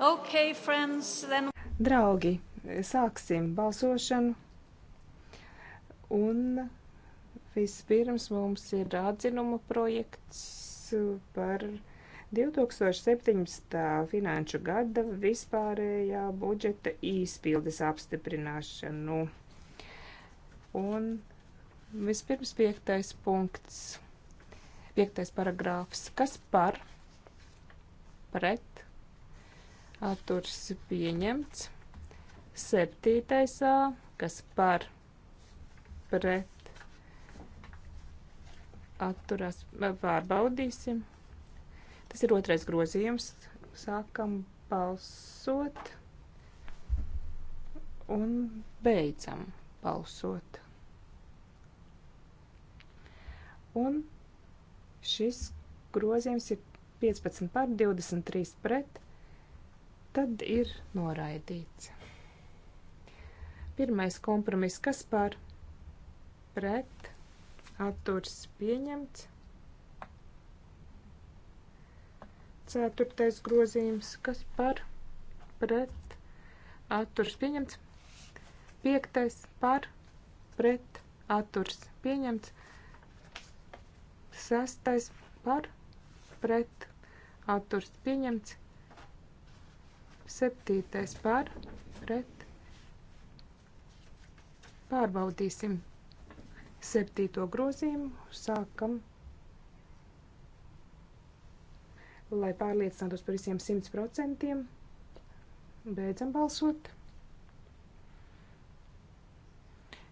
Okay, friends, then... Draugi, sāksim balsošanu. Un vispirms mums ir atzinuma projekts par 2017. finanšu gada vispārējā budžeta īspildes apstiprināšanu. Un vispirms piektais punkts. Piektais paragrāfs. Kas par? Pret. Atturs pieņemts. Septītais A. Kas par? Pret. Atturās. Pārbaudīsim. Tas ir otrais grozījums. Sākam balsot un beidzam balsot. Un Šis grozījums ir 15 par 23 pret, tad ir noraidīts. Pirmais kompromiss, kas par pret atturs pieņemts. Ceturtais grozījums, kas par pret atturs pieņemts. Piektais par pret atturs pieņemts. Sastais par pret atturs pieņemts. Septītais par pret. Pārbaudīsim septīto grozījumu. Sākam. Lai pārliecinātos par visiem 100%, beidzam balsot.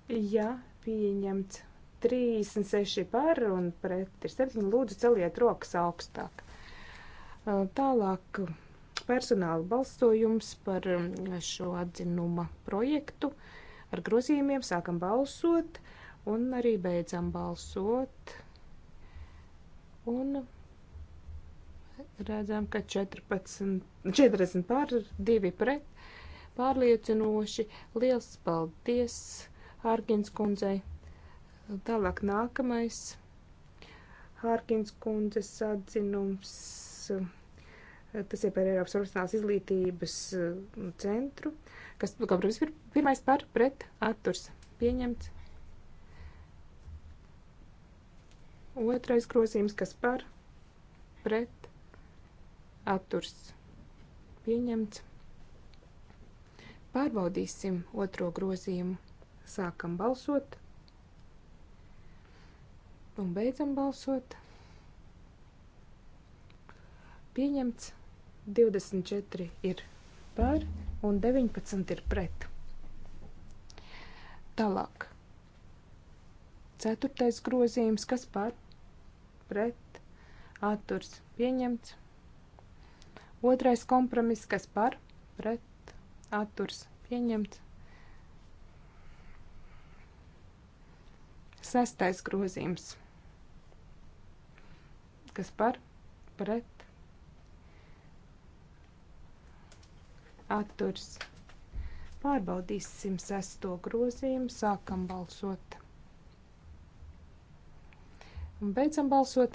Ja pieņemts 36 par un pret ir 7. Lūdzu, celiet rokas augstāk. Tālāk personāla balsojums par um, šo atzinuma projektu ar grozījumiem. Sākam balsot un arī beidzam balsot. Un redzam, ka 14, 40 pār 2 pret pārliecinoši. Liels paldies Hārgins kundzei! Tālāk nākamais Hārkins kundzes atzinums. Tas ir par Eiropas profesionālās izglītības uh, centru, kas, nu, kā protams, ir pirmais par pret atturs pieņemts. Otrais grozījums, kas par pret atturs pieņemts. Pārbaudīsim otro grozījumu. Sākam balsot. Un beidzam balsot. Pieņemts 24 ir par un 19 ir pret. Tālāk. Ceturtais grozījums, kas par pret atturs pieņemts. Otrais kompromiss, kas par pret atturs pieņemts. Sestais grozījums kas par pret atturs. Pārbaudīsim sesto grozījumu, sākam balsot. Un beidzam balsot.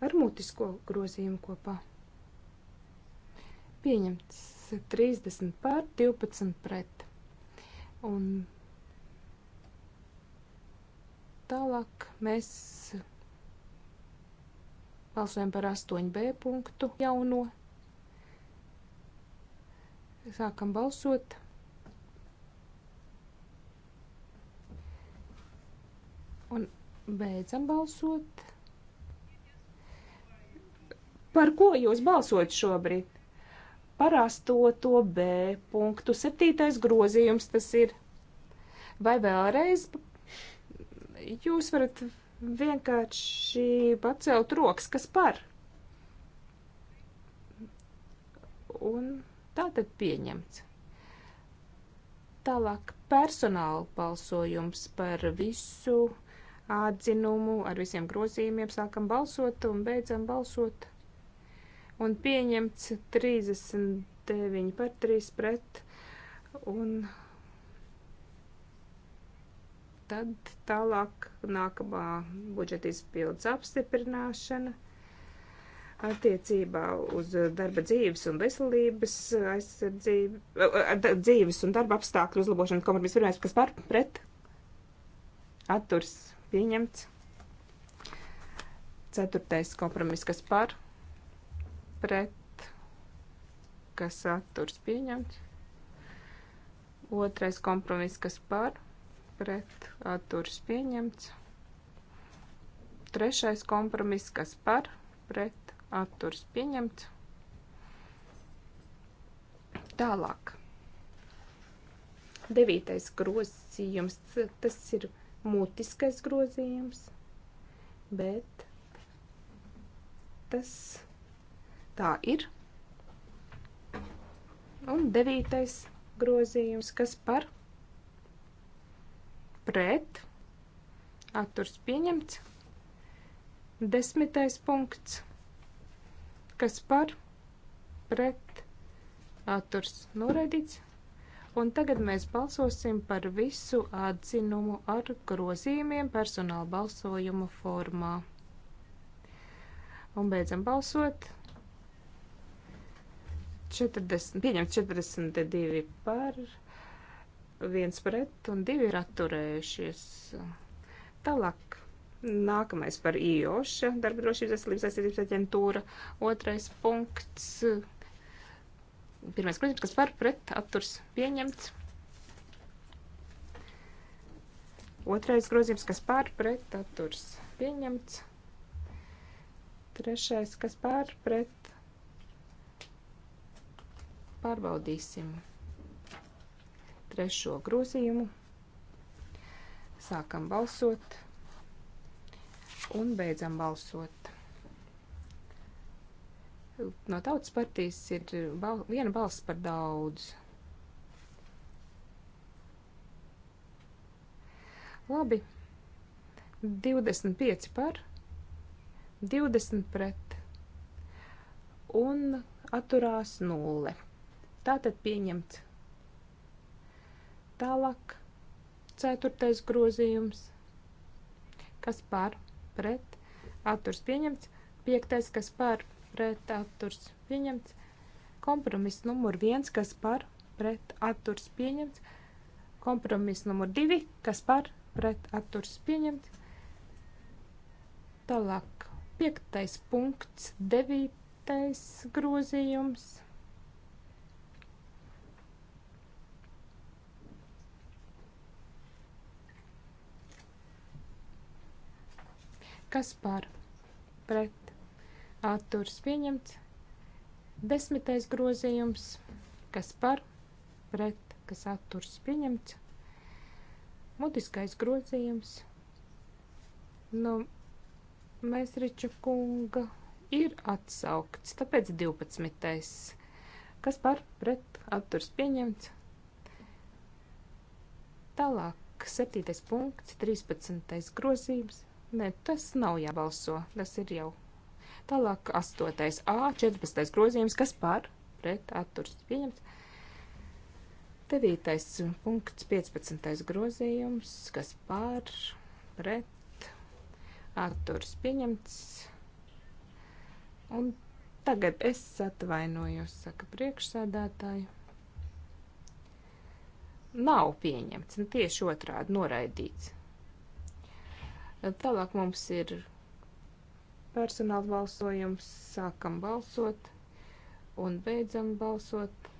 Ar mutisko grozījumu kopā. Pieņemts 30 pār 12 pret. Un Tālāk mēs balsojam par 8b punktu jauno. Sākam balsot. Un beidzam balsot. Par ko jūs balsot šobrīd? Parasto to B punktu. Septītais grozījums tas ir. Vai vēlreiz Jūs varat vienkārši pacelt rokas, kas par. Un tā tad pieņemts. Tālāk personāla balsojums par visu atzinumu ar visiem grozījumiem. Sākam balsot un beidzam balsot. Un pieņemts 39 par 3 pret un Tad tālāk nākamā budžeta izpildes apstiprināšana attiecībā uz darba dzīves un veselības aizsardzību, eh, eh, dzīves un darba apstākļu uzlabošanu kompromiss pirmais, kas par pret atturs pieņemts. Ceturtais kompromiss, kas par pret, kas atturs pieņemts. Otrais kompromiss, kas par pret atturas pieņemts. Trešais kompromiss, kas par pret atturas pieņemts. Tālāk. Devītais grozījums, tas ir mutiskais grozījums, bet tas tā ir. Un devītais grozījums, kas par pret, atturs pieņemts. Desmitais punkts, kas par, pret, atturs noraidīts. Un tagad mēs balsosim par visu atzinumu ar grozījumiem personāla balsojuma formā. Un beidzam balsot. 40, pieņemt 42 par viens pret un divi ir atturējušies. Tālāk. Nākamais par IOŠA, darba drošības veselības aizsardzības aģentūra. Otrais punkts. Pirmais grozījums, kas var pret atturs pieņemts. Otrais grozījums, kas pār pret atturs pieņemts. Trešais, kas pār pret pārbaudīsim trešo grozījumu. Sākam balsot un beidzam balsot. No tautas partijas ir bal viena balss par daudz. Labi, 25 par, 20 pret un atturās nulle. Tātad pieņemts Tālāk ceturtais grozījums, kas par pret atturs pieņemts, piektais, kas par pret atturs pieņemts, kompromiss numur viens, kas par pret atturs pieņemts, kompromiss numur divi, kas par pret atturs pieņemts. Tālāk piektais punkts, devītais grozījums Kas par? Pret. Atturs pieņemts. Desmitais grozījums. Kas par? Pret. Kas atturs pieņemts. Mutiskais grozījums. Nu, mēs riču kunga ir atsaukts, tāpēc 12. Kas par pret atturs pieņemts? Tālāk, 7. punkts, 13. grozījums. Nē, tas nav jābalso. Tas ir jau. Tālāk 8. A, 14. grozījums, kas par pret atturs pieņemts. 9. punkts, 15. grozījums, kas par pret atturs pieņemts. Un tagad es atvainojos, saka priekšsēdētāju. Nav pieņemts, nu, tieši otrādi noraidīts. Tālāk mums ir personāla balsojums, sākam balsot un beidzam balsot.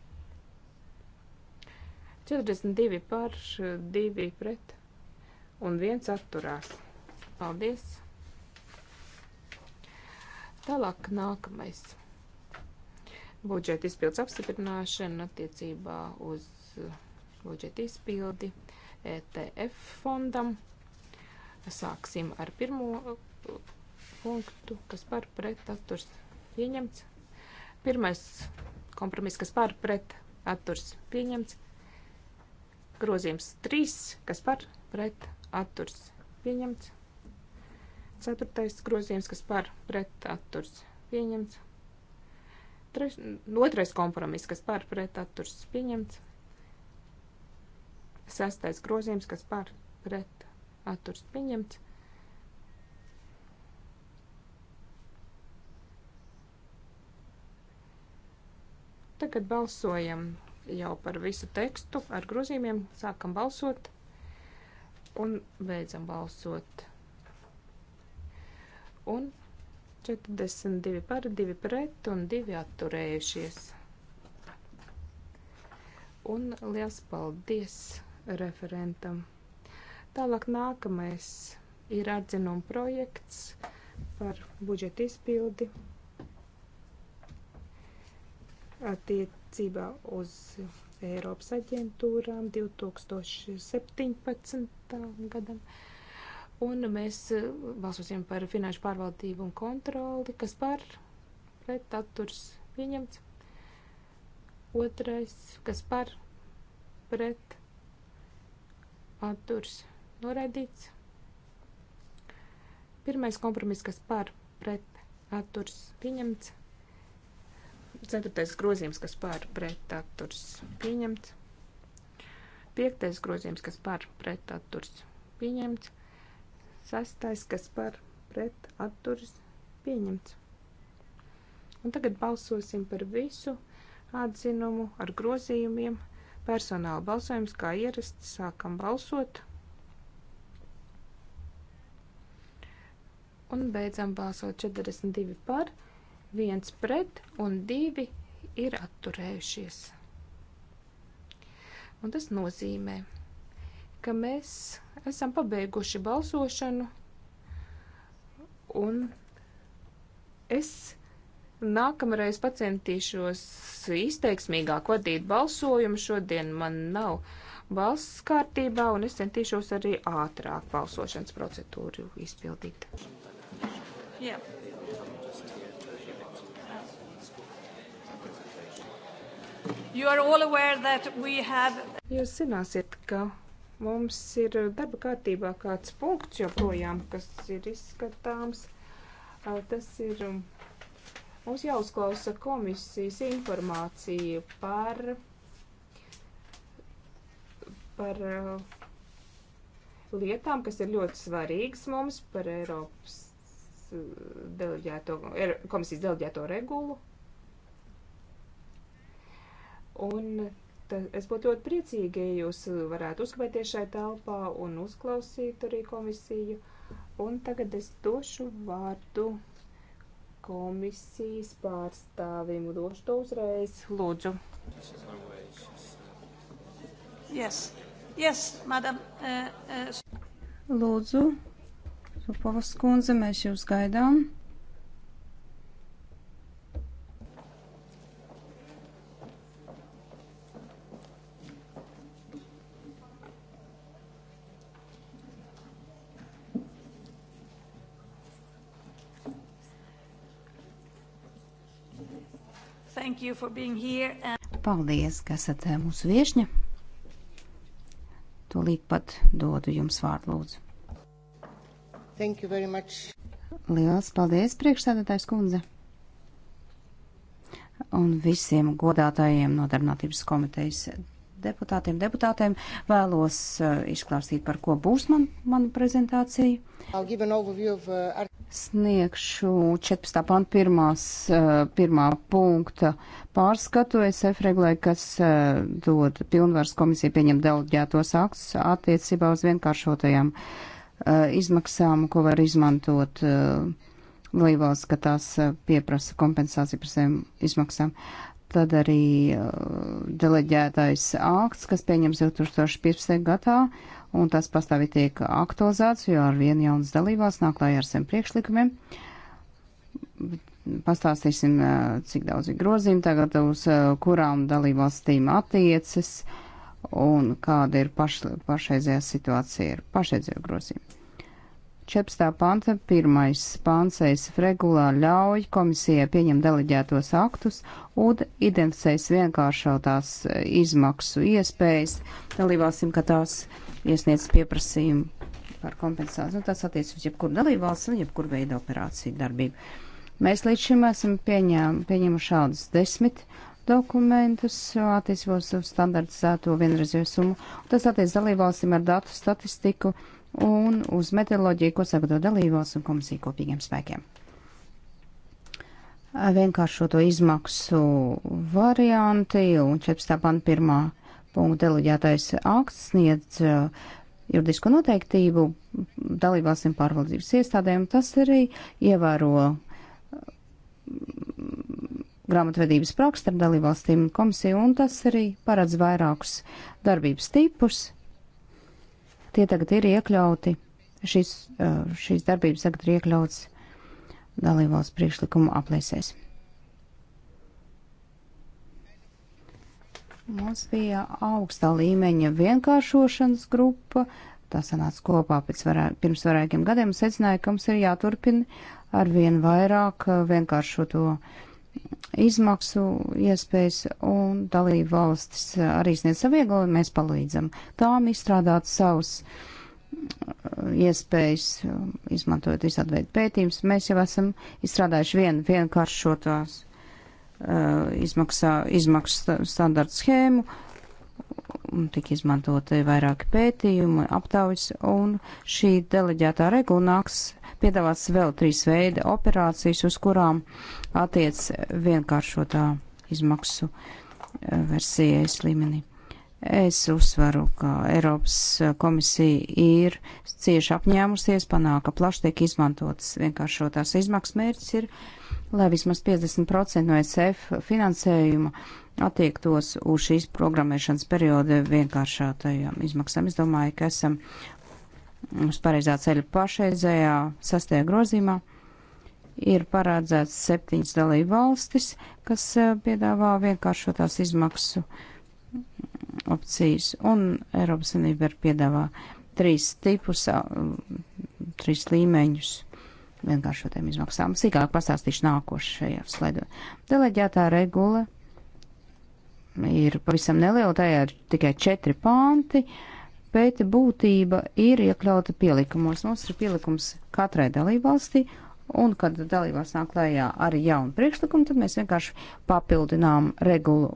42 par, 2 pret un 1 atturās. Paldies! Tālāk nākamais. Budžeta izpildes apstiprināšana attiecībā uz budžeta izpildi ETF fondam. Sāksim ar pirmo uh, punktu, kas par pret atturs pieņemts. Pirmais kompromiss, kas par pret atturs pieņemts. Grozījums 3, kas par pret atturs pieņemts. Ceturtais grozījums, kas par pret atturs pieņemts. Treš, otrais kompromiss, kas par pret atturs pieņemts. Sestais grozījums, kas par pret atturs pieņemts. Tagad balsojam jau par visu tekstu ar grozījumiem. Sākam balsot un beidzam balsot. Un 42 par, 2 pret un 2 atturējušies. Un liels paldies referentam! Tālāk nākamais ir atzinuma projekts par budžeta izpildi attiecībā uz Eiropas aģentūrām 2017. gadam. Un mēs e, balsosim par finanšu pārvaldību un kontroli, kas par pret atturs pieņemts. Otrais, kas par pret atturs pieņemts noraidīts. Pirmais kompromiss, kas par pret atturs pieņemts. Ceturtais grozījums, kas par pret atturs pieņemts. Piektais grozījums, kas par pret atturs pieņemts. Sastais, kas par pret atturs pieņemts. Un tagad balsosim par visu atzinumu ar grozījumiem. Personāla balsojums kā ierasts sākam balsot. un beidzam balsot 42 par, 1 pret un 2 ir atturējušies. Un tas nozīmē, ka mēs esam pabeiguši balsošanu un es nākamreiz pacentīšos izteiksmīgāk vadīt balsojumu. Šodien man nav balss kārtībā un es centīšos arī ātrāk balsošanas procedūru izpildīt. Yeah. You are all aware that we have... Jūs zināsiet, ka mums ir darba kārtībā kāds punkts joprojām, kas ir izskatāms. Tas ir um, mums jāuzklausa komisijas informācija par, par lietām, kas ir ļoti svarīgas mums par Eiropas deleģēto, er, komisijas deleģēto regulu. Un es būtu ļoti priecīgi, ja jūs varētu uzkavēties šai telpā un uzklausīt arī komisiju. Un tagad es došu vārdu komisijas pārstāvim. Došu to uzreiz. Lūdzu. Yes. Yes, madam. Uh, uh. Lūdzu, Popovas kundze, mēs jūs gaidām. Paldies, ka esat eh, mūsu viešņa. Tūlīt pat dodu jums vārdu, lūdzu. Thank you very much. Lielas paldies, priekšsēdētājs kundze. Un visiem godātājiem nodarbinātības komitejas deputātiem, deputātēm vēlos uh, izklāstīt, par ko būs man, mana prezentācija. Of, uh, Sniegšu 14. pant pirmās, uh, pirmā punkta pārskatu SF regulai, kas uh, dod pilnvaras komisiju pieņemt delģētos aktus attiecībā uz vienkāršotajām uh, Eh, izmaksām, ko var izmantot dalībvalsts, eh, ka tās eh, pieprasa kompensāciju par saviem izmaksām. Tad arī deleģētais akts, kas pieņems 2015. gadā, un tas pastāvīgi tiek aktualizēts, jo ar vienu jaunas dalībās nāk klājā ar saviem priekšlikumiem. Pastāstīsim, cik daudz ir grozījumi tagad, uz kurām dalībvalstīm attiecas. Uh, un kāda ir paš, pašreizējā situācija ar pašreizējo grozījumu. 14. panta, 1. pants ESF regulā ļauj komisijai pieņemt deleģētos aktus un identificējas vienkāršotās e, izmaksu iespējas. Dalībvalstīm, ka tās iesniedz pieprasījumu par kompensāciju, un tas attiec uz jebkuru dalībvalstu un jebkuru veidu operāciju darbību. Mēs līdz šim esam pieņēm, pieņēmuši šādus desmit dokumentus, attiecībos uz standartizēto vienreizēju summu. Tas attiec dalībvalstīm ar datu statistiku un uz meteoroloģiju, ko sagatavo dalībvalsts un komisija kopīgiem spēkiem. Vienkāršo to izmaksu varianti un 14. panta pirmā punkta deleģētais akts sniedz uh, juridisko noteiktību dalībvalstīm pārvaldības iestādēm. Tas arī ievēro grāmatvedības praksa ar dalībvalstīm komisiju, un tas arī paredz vairākus darbības tipus. Tie tagad ir iekļauti, šīs, uh, šīs darbības tagad ir iekļauts dalībvalsts priekšlikumu aplēsēs. Mums bija augstā līmeņa vienkāršošanas grupa, tā sanāca kopā varā, pirms vairākiem gadiem, secināja, ka mums ir jāturpina ar vien vairāk vienkāršo to uh, izmaksu iespējas un dalību valstis arī sniedz savieglojumi, mēs palīdzam tām izstrādāt savus uh, iespējas, um, izmantojot visādi veidu pētījumus. Mēs jau esam izstrādājuši vienu vienkāršotās uh, izmaksā, izmaksu standartu schēmu, tika izmantoti vairāki pētījumi, aptaujas, un šī deleģētā regula nāks piedāvāts vēl trīs veida operācijas, uz kurām attiec vienkāršotā izmaksu eh, versijas līmenī. Es uzsveru, ka Eiropas eh, komisija ir cieši apņēmusies panākt, ka plaši tiek izmantotas vienkāršotās izmaksas mērķis ir, lai vismaz 50% no e SF finansējuma attiektos uz šīs programmēšanas perioda vienkāršātajām izmaksām. Es domāju, ka esam uz pareizā ceļa pašreizējā sastajā grozīmā ir parādzēts septiņas dalība valstis, kas eh, piedāvā vienkāršotās izmaksu opcijas, un Eiropas Savienība ir piedāvā trīs tipus, mm, trīs līmeņus vienkāršotiem izmaksām. Sīkāk pastāstīšu nākošajā slaidā. Deleģētā regula ir pavisam neliela, tajā ir tikai četri panti. Uh, bet būtība ir iekļauta pielikumos. Mums ir pielikums katrai dalībvalstī, un kad dalībvalsts nāk klējā ar jaunu priekšlikumu, tad mēs vienkārši papildinām regulu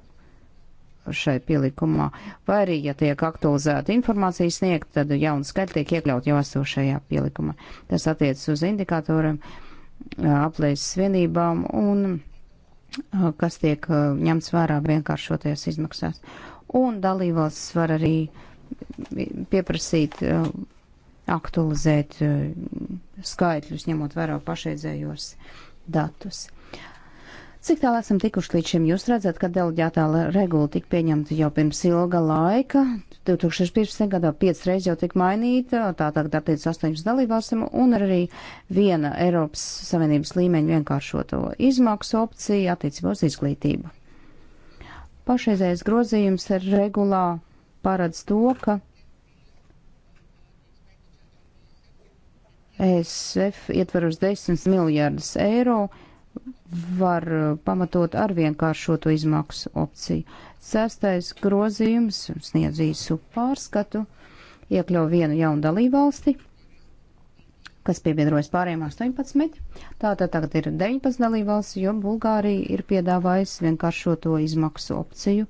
šai pielikumā. Vai arī, ja tiek aktualizēta informācija sniegt, tad jauna skaita tiek iekļaut jau esošajā pielikumā. Tas attiec uz indikatoriem, aplēses vienībām un kas tiek ņemts vērā vienkāršoties izmaksās. Un dalībvalsts var arī uh, pieprasīt uh, aktualizēt uh, skaitļus, ņemot vērā pašreizējos datus. Cik tālu esam tikuši līdz šim? Jūs redzat, ka deleģētā regula tika pieņemta jau pirms ilga laika. 2015. gadā piecas reizes jau tika mainīta, tā tagad attiec astoņas dalībvalstīm, un arī viena Eiropas Savienības līmeņa vienkāršoto izmaksu opciju attiecībā uz izglītību. Pašreizējais grozījums regulā paredz to, ka ESF ietveros 10 miljārdus eiro var uh, pamatot ar vienkāršoto izmaksu opciju. Sestais grozījums sniedz īsu pārskatu, iekļauj vienu jaunu dalībvalsti, kas piebiedrojas pārējiem 18. Tātad tagad ir 19 dalībvalsts, jo Bulgārija ir piedāvājusi vienkāršoto izmaksu opciju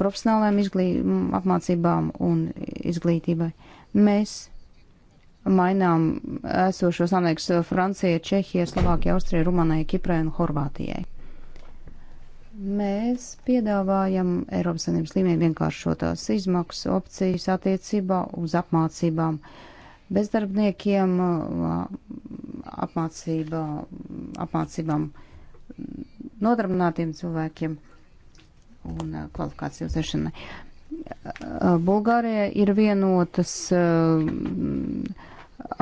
profesionālajām izglītībām, apmācībām un izglītībai. Mēs mainām esošos amēkus Francijai, Čehijai, Slovākijai, Austrijai, Rumānijai, Kiprai un Horvātijai. Mēs piedāvājam Eiropas Savienības līmenī vienkāršotās izmaksas opcijas attiecībā uz apmācībām bezdarbniekiem, apmācībā, apmācībām nodarbinātiem cilvēkiem un uh, kvalifikāciju uzdešanai. Uh, Bulgārijā ir vienotas uh,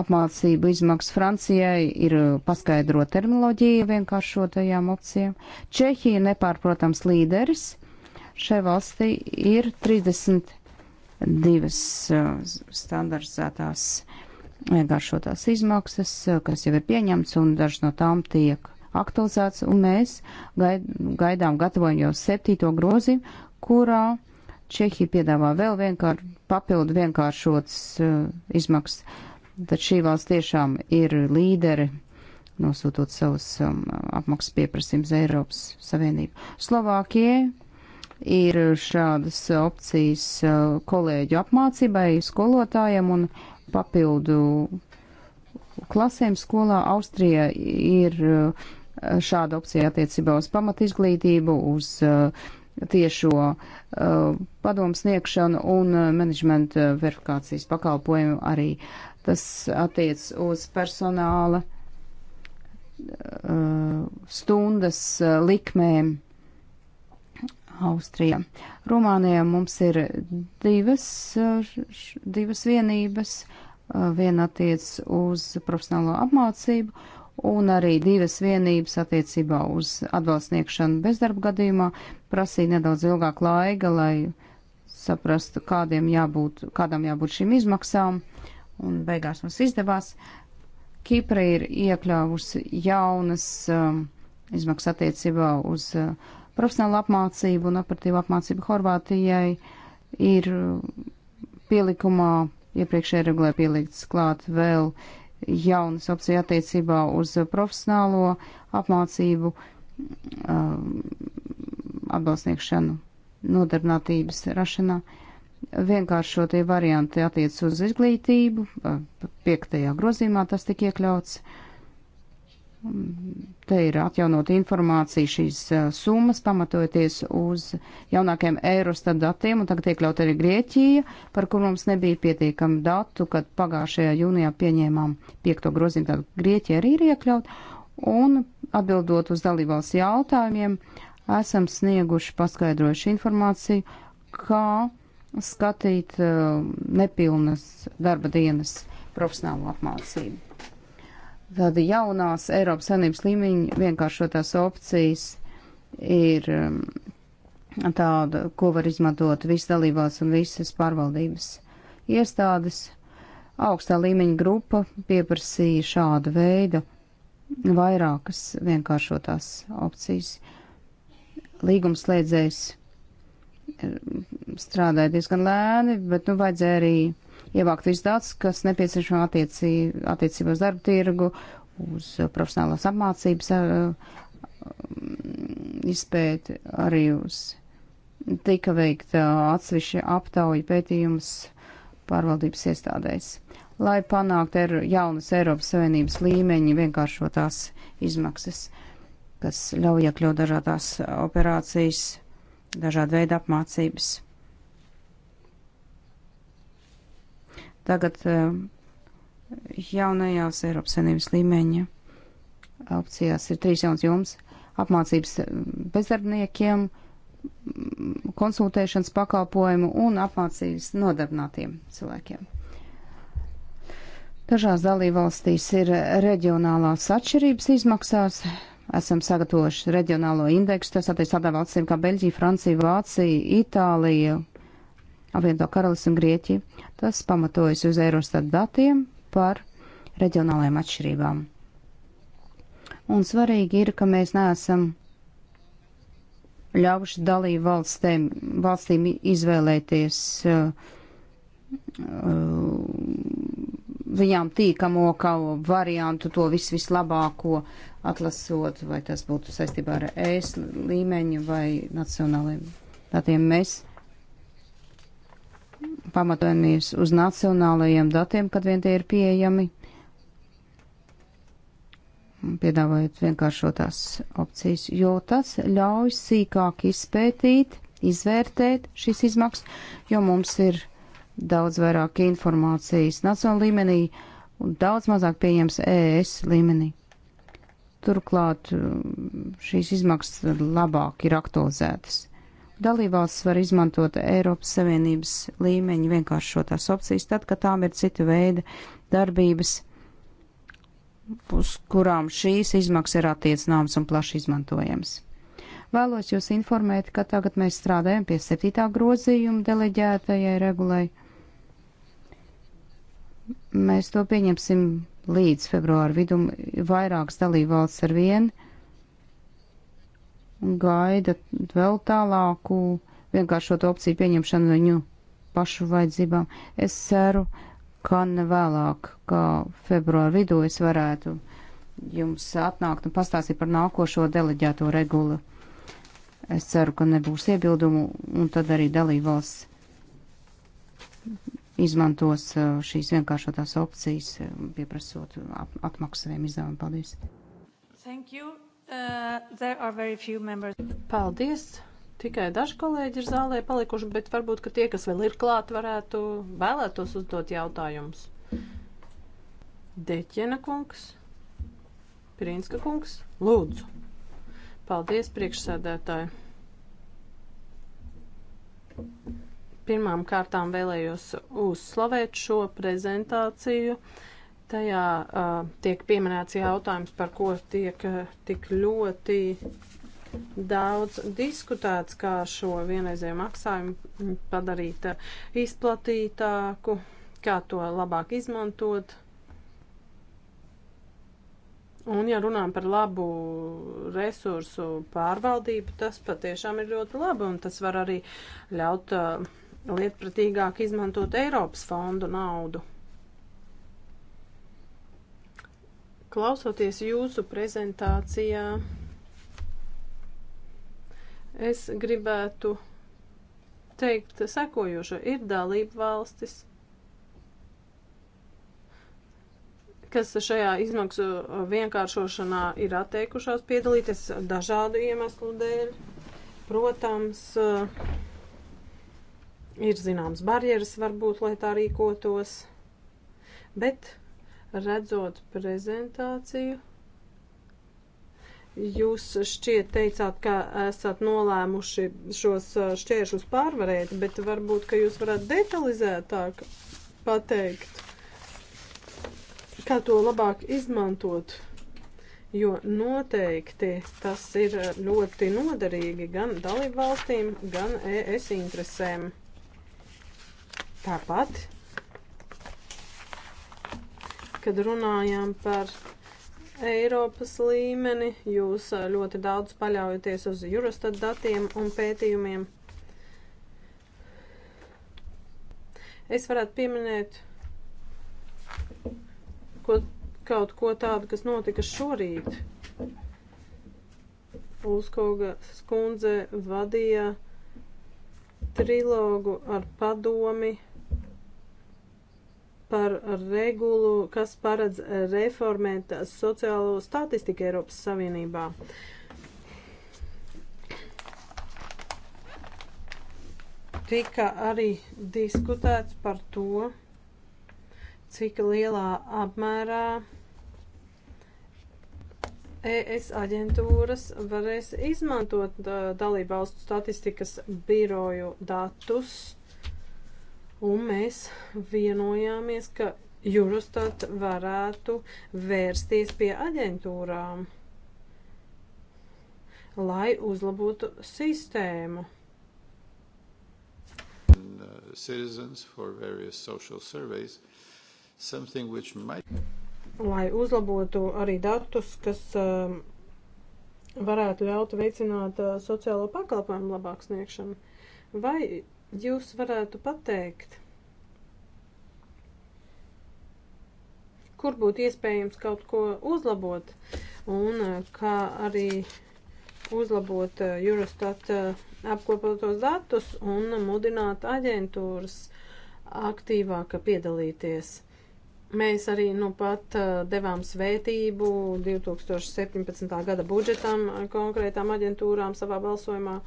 apmācību izmaksas Francijai, ir paskaidro terminoloģija vienkāršotajām opcijām. Čehija nepārprotams līderis. Šai valstī ir 32 standartizētās vienkāršotās izmaksas, kas jau ir pieņemts, un daži no tām tiek aktualizēts, un mēs gaidām, gatavojam jau septīto grozi, kurā Čehija piedāvā vēl vienkār, papildu vienkāršotas uh, izmaksas. Tad šī valsts tiešām ir līderi, nosūtot savus um, apmaksas pieprasījums Eiropas Savienību. Slovākijai ir šādas opcijas uh, kolēģu apmācībai, skolotājiem un papildu klasēm skolā. Austrija ir uh, Eh, šāda opcija attiecībā uz pamatizglītību, uz eh, tiešo eh, padomu sniegšanu un menedžmenta verifikācijas pakalpojumu arī. Tas attiec uz personāla stundas likmēm Austrijā. Rumānijā mums ir divas, divas vienības. Viena attiec uz profesionālo apmācību un arī divas vienības attiecībā uz atbalstniekšanu bezdarba gadījumā prasīja nedaudz ilgāk laika, lai saprastu, kādiem jābūt, kādam jābūt šīm izmaksām, un beigās mums izdevās. Kipra ir iekļāvusi jaunas um, izmaksas attiecībā uz uh, profesionālu apmācību un operatīvu apmācību Horvātijai ir uh, pielikumā, iepriekšējā regulē pielikts klāt vēl uh, jaunas opcijas attiecībā uz profesionālo apmācību, um, atbalstniekšanu, nodarbinātības rašanā. Vienkāršotie varianti attiec uz izglītību, uh, piektajā grozīmā tas tika iekļauts. Te ir atjaunot informācija šīs summas, pamatojoties uz jaunākiem Eurostat datiem, un tagad iekļaut arī Grieķija, par kur mums nebija pietiekami datu, kad pagājušajā jūnijā pieņēmām piekto grozījumu, tad Grieķija arī ir iekļaut, un atbildot uz dalībvalsts jautājumiem, esam snieguši paskaidrojuši informāciju, kā skatīt nepilnas darba dienas profesionālo apmācību tad jaunās Eiropas Savienības līmeņa vienkāršotās opcijas ir um, tāda, ko var izmantot visas dalībās un visas pārvaldības iestādes. Augstā līmeņa grupa pieprasīja šādu veidu vairākas vienkāršotās opcijas. Līgumslēdzējs um, strādāja diezgan lēni, bet nu vajadzēja arī ievākt visus datus, kas nepieciešami attiecī, attiecībos darba tirgu, uz profesionālās apmācības eh, izpēti, arī uz tika veikta eh, atsevišķa aptauja pētījums pārvaldības iestādēs, lai panāktu er, jaunas Eiropas Savienības līmeņa vienkāršotās izmaksas, kas ļauj iekļaut dažādās operācijas, dažādu veidu apmācības. tagad eh, jaunajās Eiropas Savienības līmeņa opcijās ir trīs jauns jums - apmācības eh, bezdarbniekiem, mm, konsultēšanas pakalpojumu un apmācības nodarbinātiem cilvēkiem. Dažās dalībvalstīs ir reģionālās atšķirības izmaksās. Esam sagatavojuši reģionālo indeksu, tas attiecas tādām valstīm kā Beļģija, Francija, Vācija, Itālija, apvienoto karalis un Grieķiju. Tas pamatojas uz Eurostat datiem par reģionālajām atšķirībām. Un svarīgi ir, ka mēs neesam ļaujuši dalību valstīm, valstīm izvēlēties uh, viņām tīkamo kaut variantu, to vis, vislabāko atlasot, vai tas būtu saistībā ar ēst e līmeņu vai nacionāliem datiem. Mēs pamatojamies uz nacionālajiem datiem, kad vien tie ir pieejami, piedāvājot vienkāršotās opcijas, jo tas ļauj sīkāk izpētīt, izvērtēt šīs izmaksas, jo mums ir daudz vairāk informācijas nacionāla līmenī un daudz mazāk pieejams ES līmenī. Turklāt mm, šīs izmaksas labāk ir aktualizētas. Dalībvalsts var izmantot Eiropas Savienības līmeņa vienkāršotās opcijas, tad, kad tām ir cita veida darbības, uz kurām šīs izmaksas ir attiecināmas un plaši izmantojams. Vēlos jūs informēt, ka tagad mēs strādājam pie septītā grozījuma deleģētajai regulai. Mēs to pieņemsim līdz februāra vidum vairākas dalībvalsts ar vienu gaida vēl tālāku vienkāršotu opciju pieņemšanu viņu pašu vajadzībām. Es ceru, ka ne vēlāk, kā februāra vidū es varētu jums atnākt un pastāstīt par nākošo deleģēto regulu. Es ceru, ka nebūs iebildumu, un tad arī dalībvalsts izmantos uh, šīs vienkāršotās opcijas, uh, pieprasot atmaksu saviem izdevumiem. Paldies! Thank you. Uh, Paldies! Tikai daži kolēģi ir zālē palikuši, bet varbūt, ka tie, kas vēl ir klāt, varētu vēlētos uzdot jautājumus. Deķena kungs, Pirinska kungs, lūdzu. Paldies, priekšsēdētāji. Pirmām kārtām vēlējos uzslavēt šo prezentāciju. Uh, Tajā uh, tiek pieminēts jautājums, par ko tiek uh, tik ļoti daudz diskutēts, kā šo vienreizēju maksājumu padarīt uh, izplatītāku, kā to labāk izmantot. Un, ja runājam par labu resursu pārvaldību, tas patiešām ir ļoti labi, un tas var arī ļaut uh, lietpratīgāk izmantot Eiropas fondu naudu. Klausoties jūsu prezentācijā, es gribētu teikt sekojošo. Ir dalība valstis, kas šajā izmaksu vienkāršošanā ir atteikušās piedalīties dažādu iemeslu dēļ. Protams, ir zināms barjeras varbūt, lai tā rīkotos, bet redzot prezentāciju, jūs šķiet teicāt, ka esat nolēmuši šos uh, šķēršus pārvarēt, bet varbūt, ka jūs varat detalizētāk pateikt, kā to labāk izmantot, jo noteikti tas ir ļoti noderīgi gan dalību valstīm, gan ES interesēm. Tāpat kad runājām par Eiropas līmeni, jūs ļoti daudz paļaujaties uz Eurostat datiem un pētījumiem. Es varētu pieminēt ko, kaut ko tādu, kas notika šorīt. Uzkoga skundze vadīja trilogu ar padomi par regulu, kas paredz reformēt sociālo statistiku Eiropas Savienībā. Tika arī diskutēts par to, cik lielā apmērā ES aģentūras varēs izmantot dalībvalstu statistikas biroju datus un mēs vienojāmies, ka Eurostat varētu vērsties pie aģentūrām, lai uzlabotu sistēmu. And, uh, citizens for various social surveys, something which might lai uzlabotu arī datus, kas um, varētu ļaut veicināt uh, sociālo pakalpojumu labāk sniegšanu. Vai jūs varētu pateikt, kur būtu iespējams kaut ko uzlabot un eh, kā arī uzlabot eh, Eurostat eh, apkopotos datus un mudināt aģentūras aktīvāk piedalīties. Mēs arī nu pat devām svētību 2017. gada budžetam konkrētām aģentūrām savā balsojumā.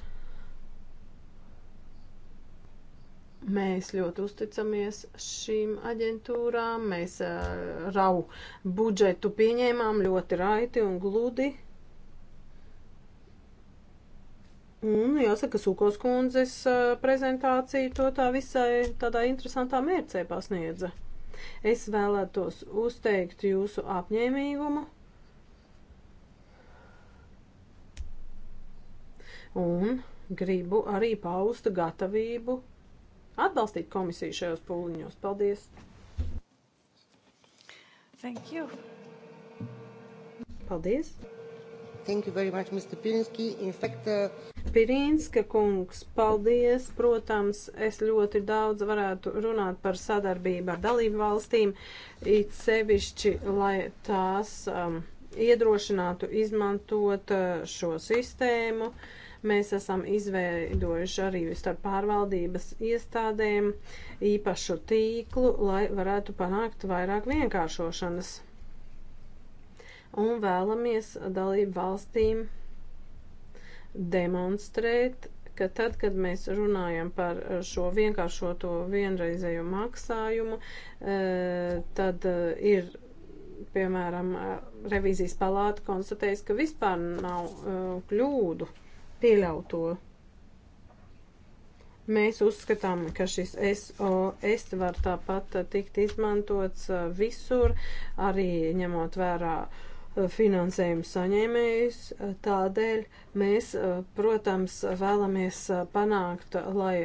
Mēs ļoti uzticamies šīm aģentūrām, mēs uh, rau budžetu pieņēmām ļoti raiti un gludi. Un jāsaka, Sūkos kundzes uh, prezentācija to tā visai tādā interesantā mērcē pasniedza. Es vēlētos uzteikt jūsu apņēmīgumu. Un gribu arī paust gatavību atbalstīt komisiju šajos pūliņos. Paldies! Thank you. Paldies! Thank you very much, Mr. Pirinski. In fact, uh... Pirinska kungs, paldies. Protams, es ļoti daudz varētu runāt par sadarbību ar dalību valstīm, it sevišķi, lai tās um, iedrošinātu izmantot uh, šo sistēmu. Uh, Mēs esam izveidojuši arī starp pārvaldības iestādēm īpašu tīklu, lai varētu panākt vairāk vienkāršošanas. Un vēlamies dalību valstīm demonstrēt, ka tad, kad mēs runājam par šo vienkāršoto vienreizējo maksājumu, eh, tad eh, ir, piemēram, revīzijas palāta konstatējis, ka vispār nav eh, kļūdu pieļauto. Mēs uzskatām, ka šis SOS var tāpat tikt izmantots uh, visur, arī ņemot vērā uh, finansējumu saņēmējus. Uh, tādēļ mēs, protams, vēlamies panākt, lai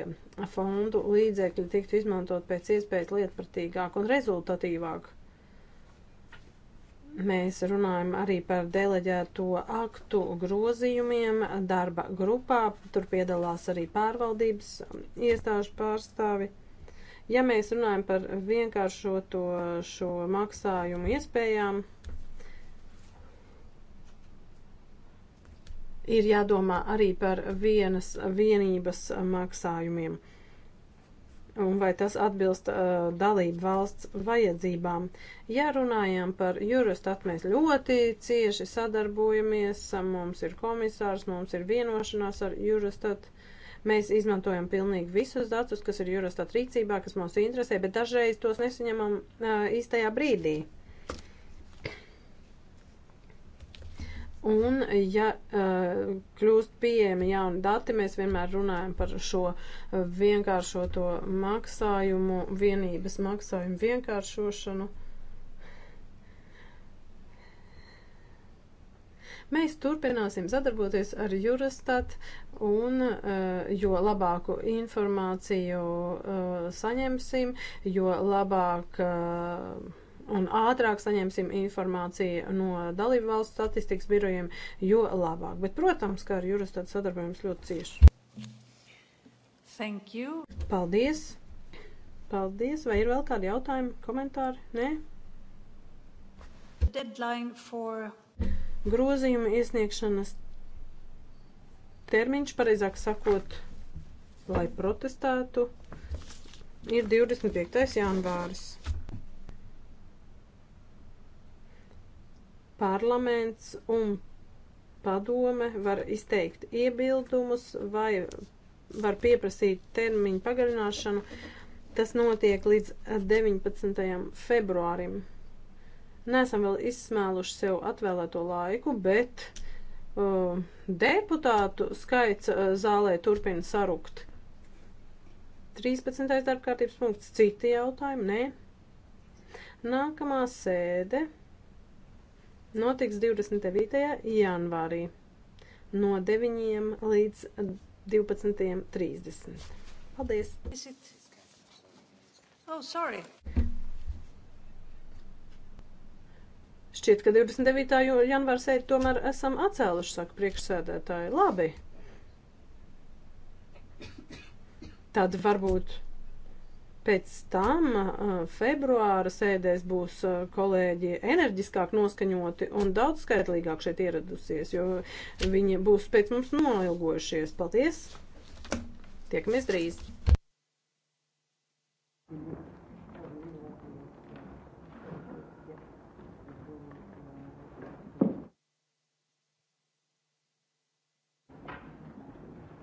fondu līdzekļi tiktu izmantot pēc iespējas lietpratīgāk un rezultatīvāk. Mēs runājam arī par deleģēto aktu grozījumiem darba grupā. Tur piedalās arī pārvaldības iestāžu pārstāvi. Ja mēs runājam par vienkāršoto šo maksājumu iespējām, ir jādomā arī par vienas vienības maksājumiem un vai tas atbilst uh, dalību valsts vajadzībām. Ja runājam par Jurostat, mēs ļoti cieši sadarbojamies, mums ir komisārs, mums ir vienošanās ar Jurostat. Mēs izmantojam pilnīgi visus datus, kas ir Jurostat rīcībā, kas mūs interesē, bet dažreiz tos nesaņemam uh, īstajā brīdī. Uh, Un, ja uh, kļūst pieejami jauni dati, mēs vienmēr runājam par šo eh, vienkāršoto maksājumu, vienības maksājumu vienkāršošanu. Mēs turpināsim sadarboties ar Jurastat, un eh, jo labāku informāciju saņemsim, jo labāk un ātrāk saņemsim informāciju no dalību valstu statistikas birojiem, jo labāk. Bet, protams, kā ar juristētu sadarbojums ļoti cieši. Thank you. Paldies. Paldies. Vai ir vēl kādi jautājumi, komentāri? Nē? Deadline for... Grozījuma iesniegšanas termiņš, pareizāk sakot, lai protestētu, ir 25. janvāris. parlaments un padome var izteikt iebildumus vai var pieprasīt termiņu pagarināšanu. Tas notiek līdz 19. februārim. Nesam vēl izsmēluši sev atvēlēto laiku, bet uh, deputātu skaits uh, zālē turpina sarukt. 13. darbkārtības punkts, citi jautājumi, nē. Nākamā sēde notiks 29. janvārī no 9 līdz 12.30. Paldies! Oh, sorry. Šķiet, ka 29. janvāra sēdi tomēr esam atcēluši, saka priekšsēdētāji. Labi. Tad varbūt Pēc tam uh, februāra sēdēs būs uh, kolēģi enerģiskāk noskaņoti un daudz skaitlīgāk šeit ieradusies, jo viņi būs pēc mums noilgojušies. Paldies! Tiekamies drīz! Thank you.